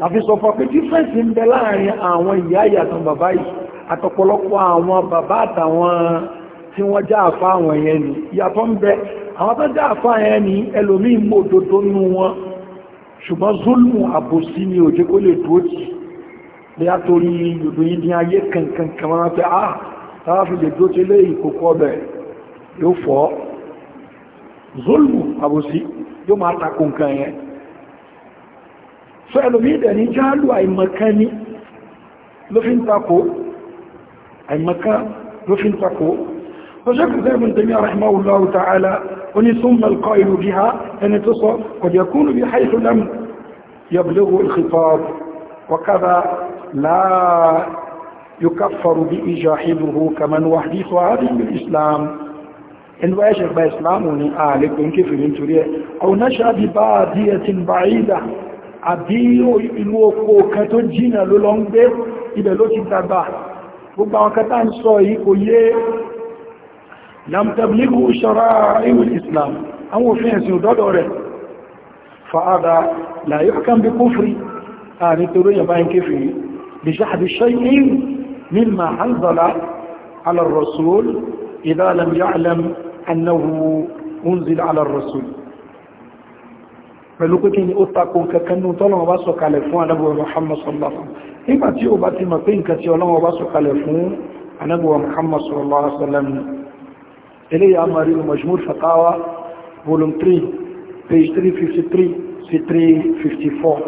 láfi sọ fọ́ pé dífẹ́ǹsì ń bẹ láàrin àwọn ìyá ìyàtọ̀ bàbá yìí àtọ̀pọ̀lọpọ̀ àwọn bàbá àtàwọn tí ni ìyàtọ̀ ń bẹ àwọn tó já ṣùgbọ́n zulmù àbòsí ni òjé kó lè dúó tì bí a torí ìlú yìí ní ayé kankan kamara ah, pé a tàbí fi lè dúó tí lé ìkòkò ọbẹ̀ yóò fọ́ zulmù àbòsí yóò máa takò nǹkan yẹn fẹ́ lómi ìdẹ̀ ní jálù àìmọ̀kan ní ló fi ń takò àìmọ̀kan ló fi ń takò فشكل زي من دمية رحمه الله تعالى أن ثم القائل بها أن تصل قد يكون بحيث لم يبلغ الخطاب وكذا لا يكفر به كمن وحديث هذه بالإسلام إن واشر بإسلام ونقالك ونكفر تريع أو نشأ ببادية بعيدة àbí الوقو كتجين kan tó jìnà ló lọ ń gbé ibẹ̀ gbogbo àwọn kẹta ń sọ yìí kò yé lam tablighu shara'i al-islam àwọn òfin ẹ̀sìn òdọ́dọ̀ rẹ̀ fa'ada la yuhkam bi kufri a ní torí yà báyìí kéfì bí ṣáàdì shay'in mimma anzala ala ar-rasul idha lam ya'lam annahu unzila ala ar-rasul pẹ̀lú pé kí ni ó takò kankanú tọ́lọ́wọ́ bá sọ̀kalẹ̀ fún anábíwa Muhammad sallallahu alaihi wasallam nígbà tí ó bá ti mọ̀ pé nǹkan tí ọlọ́wọ́ bá sọ̀kalẹ̀ fún anábíwa Muhammad sallallahu alaihi wasallam eléyìí a máa rí volume 3 page 353 sí 354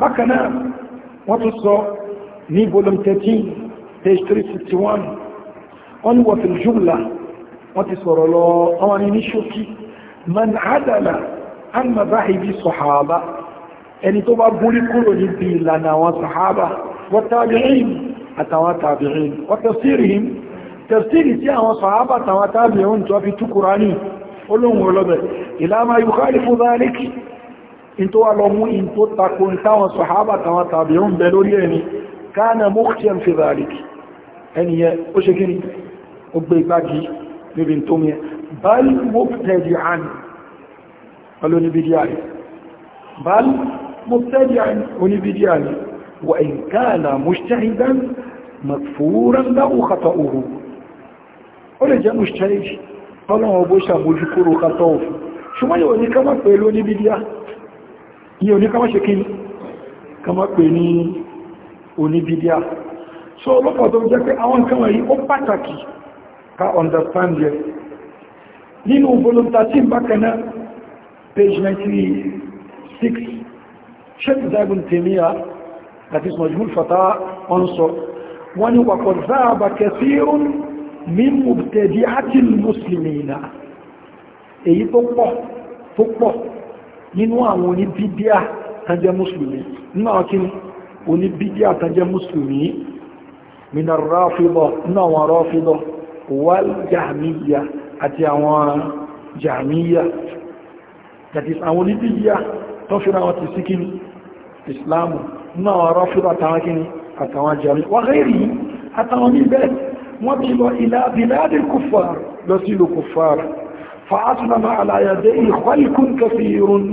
bákan náà wọ́n volume 13 page 361 wọ́n ni الجملة fi jùmlá أواني ti من عدل àwọn ni ní ṣókí man adala an mazahibi sọ̀hábá ẹni tó bá gúrí kúrò níbi ìlànà àwọn sọ̀hábá wọ́n tàbí àtàwọn tàbí wọ́n tafsirihim تفسيري سيا وصحابة وتابعون توفي تكراني قلهم علبة إلا ما يخالف ذلك انتو علمو انتو تكون تا وصحابة وتابعون بلولياني كان مختيا في ذلك يعني يا أشكري أبي باقي ببن تومي بل مبتدعا قالوا نبيدياني بل مبتدعا ونبيدياني وإن كان مجتهدا مكفورا له خطأه ó lè jẹ́ mùsùlùmí ọlọ́run ọgbó ṣàmójú kúrò kátọ́ òfin ṣùgbọ́n yóò ní ká má pè ló ní bídíá yóò ní ká má ṣe kí ká má pè ní oníbídíá so ọlọ́pàá tó jẹ́ pé àwọn nǹkan wọ̀nyí ó pàtàkì ká understand yẹ nínú volunteer bákanáà page that is majmul fata wọ́n sọ wọ́n ni wàkọ̀ záàbà kẹsírún min mùtẹ̀dí átil muslimina èyí tó pọ̀ tó pọ̀ nínú àwọn oníbídíà tánjẹ́ mùsùlùmí nínú àwọn kíni oníbídíà tánjẹ́ mùsùlùmí mina ráfíbọ̀ nínú àwọn ráfíbọ̀ wal jahmiya àti àwọn jahmiya tàbí àwọn oníbídíà tó fi ra wọn ti sí kíni islamu nínú àwọn ráfíbọ̀ àtàwọn kíni wọ́n ti lọ ilá bíládì kùfàr lọ sí ìlú kùfàr fa'aslama ala yadayhi khalqun kathirun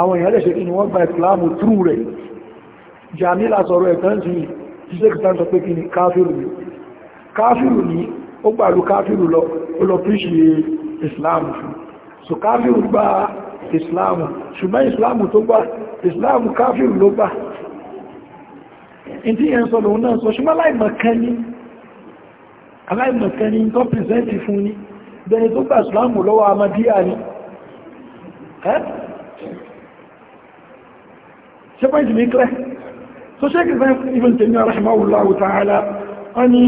àwọn èèyàn lẹ́ṣẹ́ kí ni wọ́n gba ìsìláàmù túrú rẹ̀ jàmílà sọ̀rọ̀ ẹ̀kan sí jíṣẹ́ kìtàn sọ pé kí ni káfíìrù ni káfíìrù ni ó gbàlú káfíìrù lọ ó lọ píṣì ìsìláàmù fún so káfíìrù gba ìsìláàmù ṣùgbọ́n ìsìláàmù tó gbà aláìmọ̀kẹ́ ni tó pìsẹ́ntì fún ní bẹni tó gbà ìsìláàmù lọ́wọ́ amadíyà ni ṣe pẹ́ntì ní kílẹ̀ tó ṣékì fẹ́ ibn Taymiyyah rahimahullahu ta'ala wọ́n ni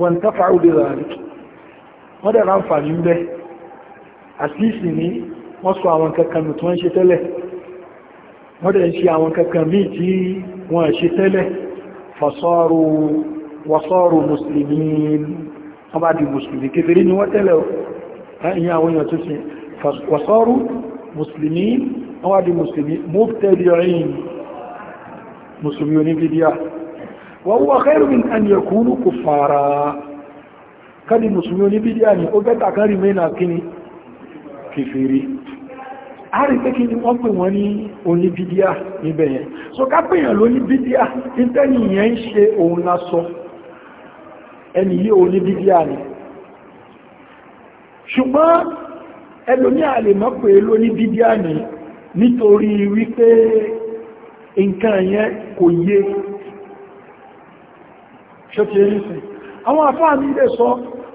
wọ́n tafà ó dèrò àrí wọ́n dẹ̀ ránfàní ń bẹ́ àtìsì ní wọ́n sọ àwọn wọ́n dẹ̀ wọ́n wọ́sọ́rù muslimin wọ́n bá di musulmi kéfèrè ni wọ́n tẹ́lẹ̀ ẹ̀yìn àwọn èèyàn tó ṣe wọ́sọ́rù muslimin wọ́n bá di musulmi mọ́tẹ́lẹ̀rin musulmi oníbídíà wọ́n wọ́n khairu min an yakunu kuffara kadi musulmi oníbídíà ni ó bẹ́ta kan rí mẹ́nà kíni kéfèrè a rí pé kí ni wọ́n pè wọ́n ní oníbídíà níbẹ̀ so ká pèèyàn lóníbídíà nítẹ́nìyàn ń ṣe òun lásọ ẹni yíò ní bíbíà ni ṣùgbọ́n ẹlòmí àlè mọ́ pé ló ní bíbíà ni nítorí wípé nǹkan yẹn kò yé ṣọ́tí ẹ̀rìsìn àwọn àfáà ní ilé sọ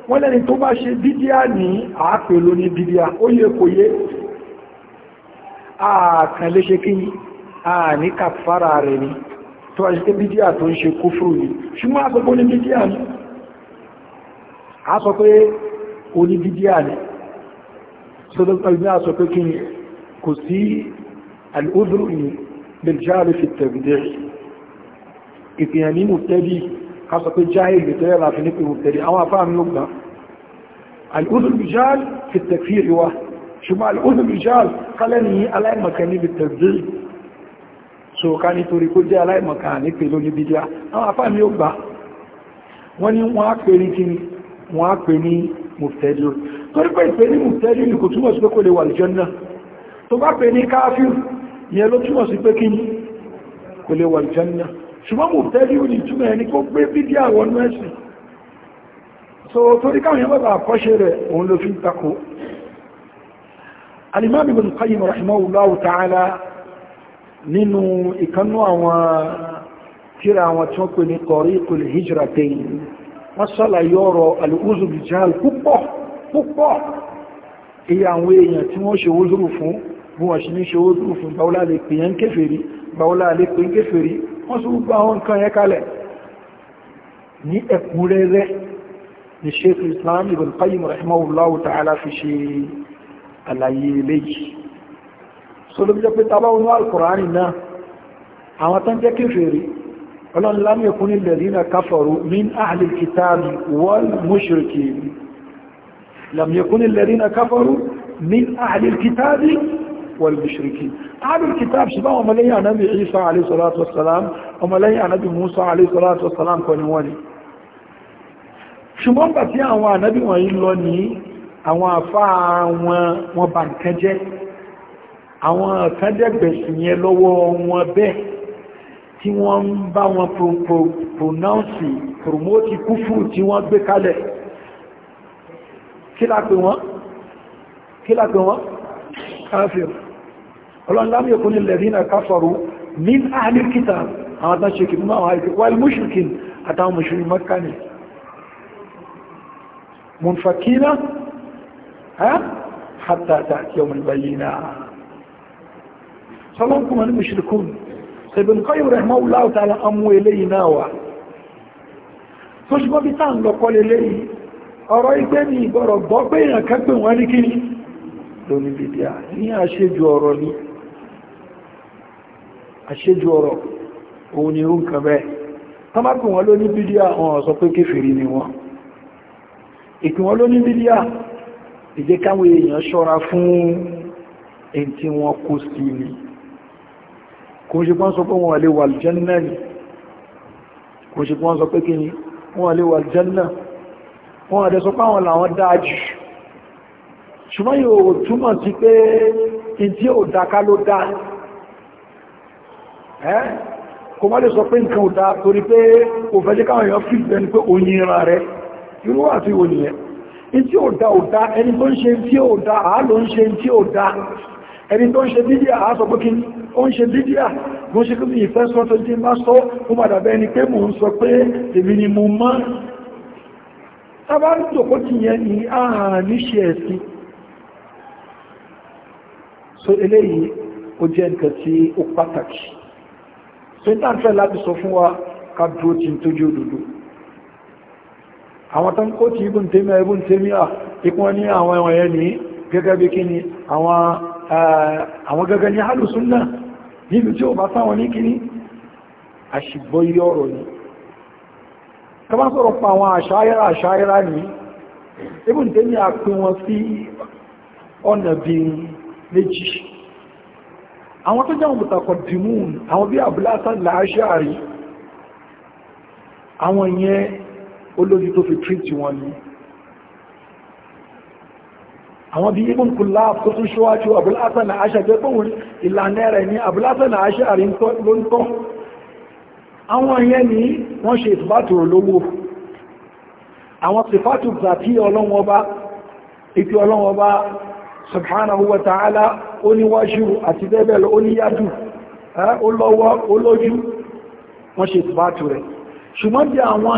wọ́n lẹ́ni tó bá ṣe bídíà ní àápè ló ní bídíà ó yẹ kò yé ààkàn lè ṣe kí ààní kàfàrà rẹ̀ ni tó wá ṣe bídíà tó ń ṣe kúfùrù ní a sọ pé oníbídíà ni sọ́dọ̀tàlùmí a sọ pé kí ni kò sí al'udru ni biljari fi tẹ̀bìdẹ̀ ìpìyàn ní mùtẹ́bì a sọ pé jáhìl mùtẹ́rẹ̀ láti ní pé mùtẹ́rẹ̀ àwọn afáàmì ló gbà al'udru biljari fi tẹ̀fìrì wa ṣùgbọ́n al'udru biljari kálẹ̀ ní aláìmọ̀kẹ́ níbi tẹ̀bìdẹ̀ so ká nítorí kó jẹ́ aláìmọ̀ká ní pẹ̀lú ní bídíà àwọn afáàmì ó gbà wọ́n ní wọ́n á pè ní kíni wọ́n á pè ní mùtẹ́lú torí pé ìpè ní mùtẹ́lú ní kò túmọ̀ sí pé kò lè wà àlùjánnà tó bá pè ní káfíù yẹn ló túmọ̀ sí pé kí kò lè wà àlùjánnà ṣùgbọ́n mùtẹ́lú ní túmọ̀ ẹni kó gbé bídí àwọn mẹ́sìn so torí káwọn yẹn bàbá àkọ́ṣe rẹ̀ òun ló fi ń takò alimami bin qayyim rahimahullahu ta'ala nínú ìkanú àwọn tíra tí wọ́n pè wọ́n sọ́làyé ọ̀rọ̀ alùúzùrù jihal púpọ̀ púpọ̀ iye àwọn èèyàn tí wọ́n ṣe òzùrù fún bí wọ́n ṣe ní ṣe òzùrù fún báwọ́lá lè pè yẹn kéfèrí báwọ́lá lè pè yẹn kéfèrí wọ́n sì gbogbo àwọn nǹkan yẹn kalẹ̀ ní ẹ̀kúnrẹ́rẹ́ ni sheikh islam ibn qayyim rahimahullahu ta'ala fi ṣe àlàyé eléyìí so ló bí jẹ́ pé tabawọn alkùránì náà àwọn tán jẹ́ kéfèrí ọlọ́run lam yakuni alladhina kafaru min ahli alkitabi wal mushrikin lam yakuni alladhina kafaru min ahli alkitabi wal mushrikin ahli alkitab ṣùgbọ́n ọmọ lẹ́yìn anábì isa alayhi salatu wassalam ọmọ lẹ́yìn anábì musa alayhi salatu wassalam kọ́ ni wọ́n ni ṣùgbọ́n bàtí àwọn anábì wọ̀nyí àwọn àfáà wọn wọn tí wọ́n ń bá wọn pronounce promote kúfùrù tí wọ́n gbé kalẹ̀ kí lápé wọ́n kí lápé wọ́n káfíọ̀ ọlọ́nlámi òkú ní lẹ́rìnà káfàrú ní ààrín kìtà àwọn tán ṣe kìí máa haifẹ́ wà mùsùlùkì àtàwọn mùsùlùmí mọ́ká ni munfakina hatta ta ọmọ ìbáyí náà sọlọ́nkùnmọ́ ní mùsùlùkùnmù Ibn Qayyim rahimahullahu ta'ala ọmọ eléyìí náà wà tó ṣùgbọ́n bí táà ń lọ kọ́lé léyìí ọ̀rọ̀ igbé ní ìgbọ̀rọ̀ gbọ́ pé èèyàn kẹ́gbẹ̀ wọ́n ní kíní lónìí bìdí à ní àṣejù ọ̀rọ̀ ní àṣejù ọ̀rọ̀ òun ni irun kan bẹ́ẹ̀ tán bá lóní bìdí wọn sọ pé kéfèrí ni wọ́n ìpè wọ́n lóní bìdí à èèyàn ṣọ́ra fún èyí tí wọ́n kó sí ni kò ṣe pọ́n sọ pé wọ́n lè wà aljanna ni kò ṣe pọ́n sọ pé kí ni wọ́n lè wà aljanna wọ́n àdẹ́ sọ páwọn làwọn dáájì ṣùgbọ́n yóò túmọ̀ sí pé ìdí ò dáká ló dá ẹ́ kò má lè sọ pé nǹkan ò dá torí pé kò fẹ́ jẹ́ káwọn èèyàn fìgbẹ́ ni pé òyìn ra rẹ̀ irú àti òyìn ẹ̀ ìdí ò dá ẹni tó ń ṣe ìdí ò àálò ń ṣe ìdí ò ẹni tó ń ṣe dídíà àásọ pé kí ó ń ṣe dídíà mo ṣe kí ìfẹ́ sọ tó jí má sọ ó padà bẹ́ ẹni pé mò ń sọ pé èmi ni mo mọ́ tábà ń tòkó ti yẹn ni àà níṣẹ́ ẹ̀sìn so eléyìí ó jẹ́ nǹkan tí ó pàtàkì so ní tàǹfẹ́ láti sọ fún wa ká dúró ti ń tójú òdòdó àwọn tán kó ti ibùn tèmi ibùn tèmi à ikú wọn ní àwọn ẹ̀wọ̀n yẹn ní gẹ́gẹ́ bí kí ni àwọn Ah, àwọn gangan ní alùsùn náà níbi tí ó bá sáwọn ní kíní àṣìgbọ́ ilé ọ̀rọ̀ ni ká bá sọ̀rọ̀ pa àwọn àṣáyẹ́rà àṣáyẹ́rà ní ibùn tẹ́ ní àpín wọn sí ọ̀nà bí méjì àwọn tó jáwọn mùtàkọ̀ dìmún àwọn bí àbúlásà làáṣáàrí àwọn àwọn bí ibùn kùlá tó tún ṣíwájú abúlásà na aṣà jẹ́ tóhun ìlànà rẹ̀ ní abúlásà na aṣà àríntọ́ ló ń tọ́ àwọn yẹn ni wọ́n ṣe ìtìbátò olówó àwọn tìfátò zàtí ọlọ́wọ́ba ìpí ọlọ́wọ́ba subhanahu wa ta'ala oníwájú àti bẹ́bẹ̀lẹ̀ oníyájú olọ́wọ́ olójú wọ́n ṣe ìtìbátò rẹ̀ ṣùgbọ́n bí àwọn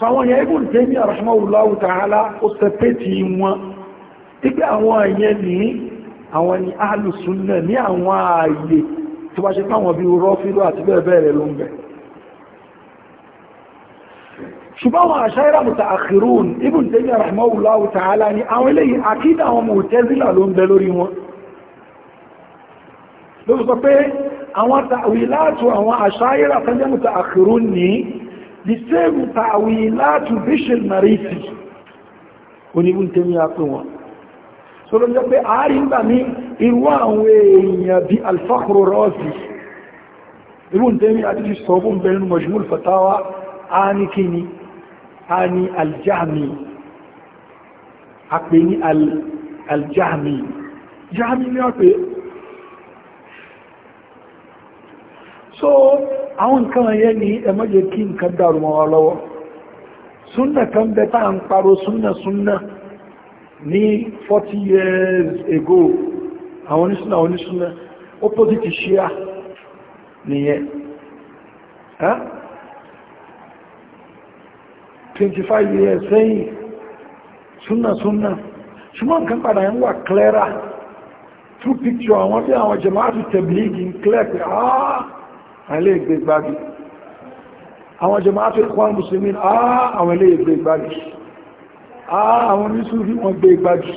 so àwọn èèyàn ibùn tẹ́mí rahimahullahu ta'ala ó sẹpẹ́tì wọn ipé àwọn èèyàn ní àwọn ni ahlu sunna ní àwọn ààyè tó bá ṣe fáwọn bí rọ́fílò àti bẹ́ẹ̀ bẹ́ẹ̀ rẹ̀ ló ń bẹ̀ ṣùgbọ́n àwọn àṣáyíra the same tàwílátù bishil marisi onígun tẹ́mí àpẹ wọn so ló jẹ́ pé àárín gbà ní irú àwọn èèyàn bí alfakro rọ́ọ̀sì irú tẹ́mí àti sọ́bùn bẹ̀rẹ̀ majmul fatawa a ní kíni a aljami a ní aljami jami ni a pè so awon nǹkan ẹ̀yẹ́ ni ẹmọ́jẹ́ kí nǹkan dàrú mọ́ wa lọ́wọ́ kan bẹ tá à ń parọ́ súnnà súnnà 40 years ago àwọn onísúnnà onísúnnà opposite ṣíà nìyẹn 25 years sẹ́yìn súnnà súnnà ṣùgbọ́n nǹkan padà ń wà clara two picture àwọn bí àwọn jamaatu tablighi ń clear pé ah ilé ìgbé gbági àwọn jẹmọ́ afẹ́kọ́ musulmi àwọn ilé ìgbé gbági àwọn ah, ah, onísúrí wọn gbé gbági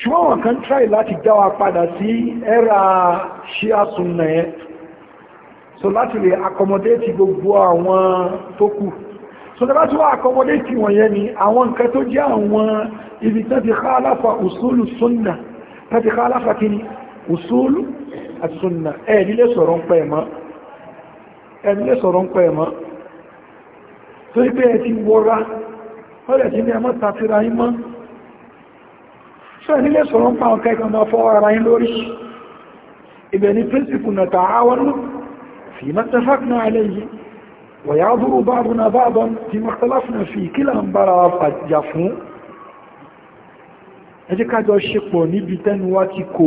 ṣùgbọ́n wọn kan tráì láti dáwà padà sí ẹ́ra ṣíàsùn nẹ̀ẹ́ so láti lè accommodate gbogbo àwọn tó kù so lọ́bá tí wọ́n accommodate wọ̀nyẹn ni àwọn nǹkan tó jẹ́ àwọn ibi tàbí khalafa usulu sunna tàbí khalafa kini usulu àti súnà ẹ̀ẹ́dí lè sọ̀rọ̀ ń pẹ́ mọ́ ẹ̀ẹ́dí lè sọ̀rọ̀ ń pẹ́ mọ́ torí pé ẹ ti wọra ọ̀rẹ́ ti ní ẹmọ́ tàfíra yín mọ́ ṣẹ́ẹ̀dí lè sọ̀rọ̀ ń pa ọ̀kẹ́ kan máa fọ́ ara yín lórí ibẹ̀ ni príncipù nà tààwọ́nù fi mẹ́tẹ́fàkùnà ṣepọ̀ níbi tẹ́nu ti kò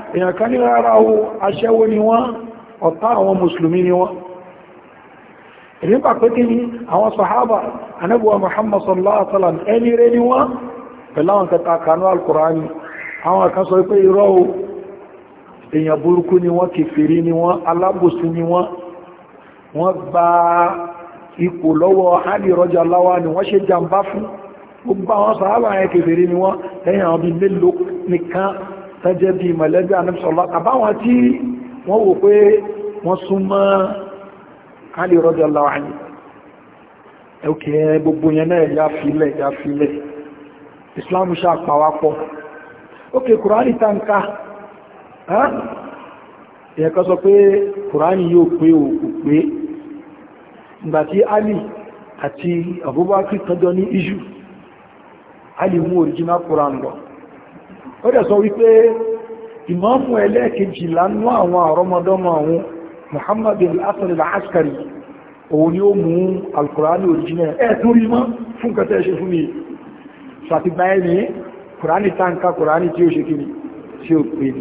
èèyàn kan ní rárá o aṣẹ́wó ni wọ́n ọ̀tá àwọn mùsùlùmí ni wọ́n ìrìnpà pé kí ni àwọn sàhábà anábùwà Muhammad sallallahu alaihi wasallam ẹni rẹ̀ ni wọ́n pẹ̀láwọn kẹta kanú alkùránì àwọn kan sọ pé irọ́ o èèyàn burúkú ni wọ́n kèfèrí ni wọ́n alábòsí ni wọ́n wọ́n gba ipò lọ́wọ́ Ali tẹ́jẹ́ bí mọ̀lẹ́bí àníṣọ́lá àbáwọn tí wọ́n wò pé wọ́n súnmọ́ Ali radiyallahu anhu ẹ̀kẹ́ gbogbo yẹn náà ya filẹ̀ ya filẹ̀ Islam ṣe ókè kùránì tàǹkà ẹ̀ẹ̀kọ́ sọ pé kùránì yóò pé òkú pé ìgbàtí Ali àti Abubakar tọ́jọ́ ní iṣu Ali mú original Quran lọ ó dẹ̀ sọ wípé ìmáàmù ẹlẹ́ẹ̀kejì lánú àwọn àrọmọdọ́mọ àwọn Muhammad al-Hasan al-Askari òun ni ó mú al-Qur'ani original ẹ̀ tún rí mọ́ fún kẹtẹ́ ṣe fún mi ṣàtìgbà ẹni Qur'ani tanka Qur'ani tí ó ṣe kiri tí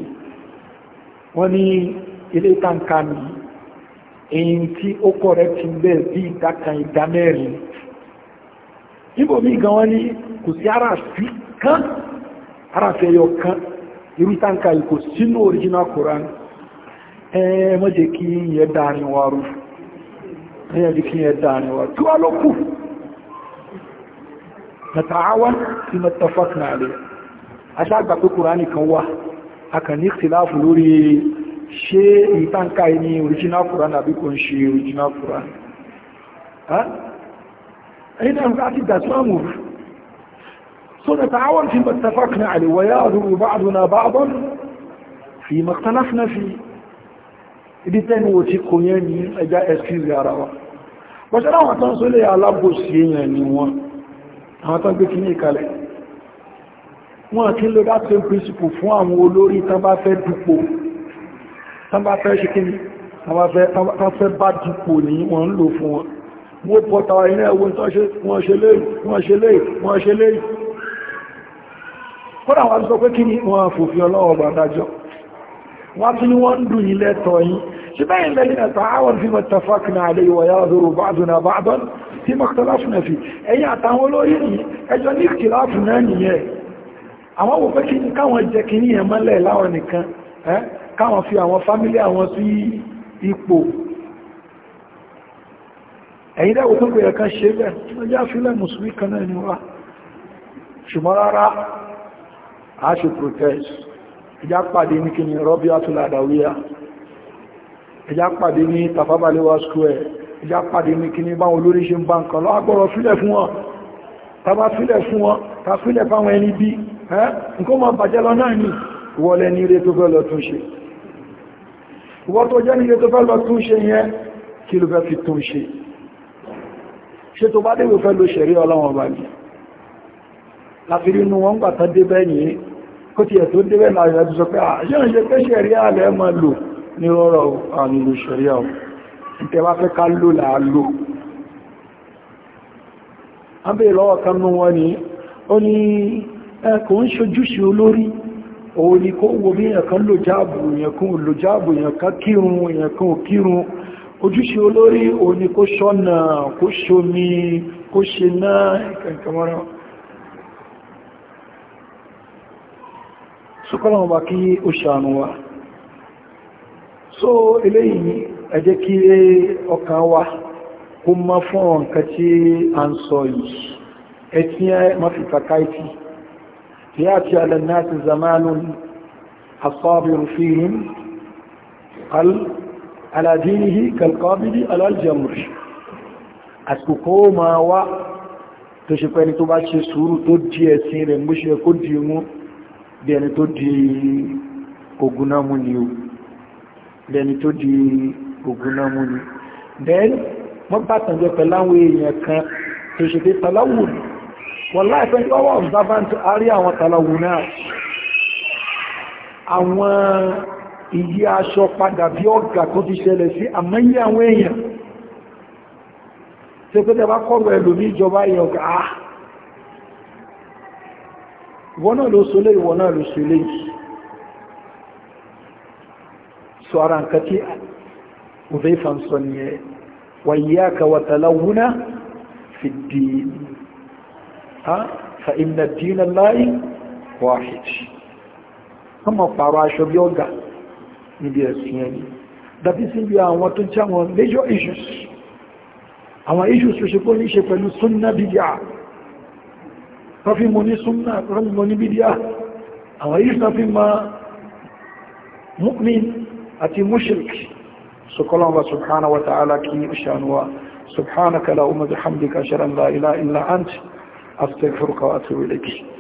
aráfẹ́ ẹyọ kan irú táǹkà ìkò sínú original Quran ẹ má jẹ́ kí yẹ dáàrin wa rú ẹ̀yẹ́ kí yẹ dáàrin wa tí wá ló kù nàtàáwá tí na tafakna lè aṣáàgbà pé Quran kan wà a kàn ní ìtìláàfù lórí ṣé ìtànkà ní original Quran àbí kò ń ṣe original Quran ẹ̀yìn náà láti dàtúwàmù سنتعاون فيما اتفقنا عليه ويأذر بعضنا بعضا فيما اختلفنا فيه ibi tẹ́nu wò ti kò yẹn ní ẹja ẹ̀sìrì ara wa bọ̀ṣẹ́ láwọn tán sólè alábòsí èèyàn ni wọn àwọn tán gbé kí ní ìkalẹ̀ wọ́n kí ló dá tẹ́ pírísìpù fún àwọn olórí tán bá fẹ́ dúpò tán bá fẹ́ ṣíkíní tán fẹ́ bá dúpò ní wọ́n ń lò fún wọn wọ́n pọ̀ tàwà iná ẹwọ́n tán wọ́n ṣe lè wọ́n ṣe lè kódà wọ́n sọ pé kí ni wọ́n fòfin ọlọ́wọ́ gbàdájọ́ wọ́n tún ní wọ́n ń dùn yí lẹ́tọ̀ yín ṣe bẹ́yìn lẹ́yìn ẹ̀tọ̀ àwọn fi mọ̀ tafakna alẹ́ wa yadhuru ba'duna ba'dan tí mọ̀kànláfún ẹ̀fì ẹ̀yìn àtàwọn olóyè ní ẹjọ́ ní ìkìláàfù náà nìyẹn àwọn wò pé kí ní káwọn jẹ kí ní a ṣe protest ìjá pàdé ní kí ni rọ́bí àtúlàdàwíyà ìjá pàdé ní tafabalewa square ìjá pàdé ní kí ni bá olórí ṣe ń bá nǹkan lọ agbọ́rọ̀ fílẹ̀ fún wọn tàbá fílẹ̀ fún wọn ta fílẹ̀ fáwọn ẹni bí nǹkan mọ́ bàjẹ́ lọ náà ní wọlé ní ilé tó fẹ́ lọ tún ṣe ìwọ́ tó jẹ́ ní ilé fẹ́ lo ṣẹ̀rí ọlọ́wọ̀n bá ní láfi wọn gbà tán dé bẹ́ẹ̀ yìí kó ti ẹ̀tọ́ débẹ̀ láàrin àti sọ pé àyàn ṣe pé ṣẹ̀ríà lẹ́ mọ́ lò ní rọ́rọ̀ àmìlò ṣẹ̀ríà ọ̀ ìtẹ́wà fẹ́ ká lò láàlò abẹ́ lọ́wọ́ kan mú wọn ni ó ní ẹkùn ń ṣojúṣe olórí òun ni kó wo bí èèyàn kan lò jáàbù èèyàn kan lò jáàbù èèyàn kan kírun èèyàn sùkọ́lọ̀ wà kí ó ṣàánú wa so eléyìí ẹ jẹ́ kí ọkàn wa kó má fún ọ̀nkà tí a ń sọ yìí ẹtí ẹ má fi kàkáìtì tí a ti alẹ́ náà ti zamanun asabiru fihim aladinihi kalkabidi alaljamur àsìkò máa wá tó ṣe pẹ́ni tó bá ṣe sùúrù tó di ẹ̀sìn rẹ̀ mú ṣe kó di mú bí ẹni tó di ogun náà mú ni o bí ẹni tó di ogun náà mú ni then wọ́n bá tàn jẹ pẹ̀lú àwọn èèyàn kan tó ṣe pé tàláwù wọ́n láìpẹ́ tí wọ́n wà observant àárí àwọn tàláwù náà àwọn ìyí aṣọ padà bí ọ̀gà tó ti ṣẹlẹ̀ sí àmọ́yí àwọn èèyàn tí ó pẹ́ tẹ́ bá kọ́rọ̀ ẹlòmí ìjọba èèyàn ọ̀gá ah, ìwọ náà ló sọlé ìwọ náà ló sọlé sọ ara nǹkan tí òfin fa ń sọ nìyẹn wà yíyá ka wà tàlá wúná fi dìín fa ìnà dìín láì wáhid wọ́n mọ̀ pààrọ̀ aṣọ bí ọ̀gá níbi ẹ̀sìn ẹni dàbí sí ibi àwọn tó ń tí àwọn major issues àwọn issues tó ṣe kó ní ṣe pẹ̀lú sunna bíbí ففي موني سنة ففي موني بدية أو يفنى فيما مؤمن أتي مشرك سكر الله سبحانه وتعالى كي أشان سبحانك لا أمد حمدك أشرا لا إله إلا أنت أستغفرك وأتوب إليك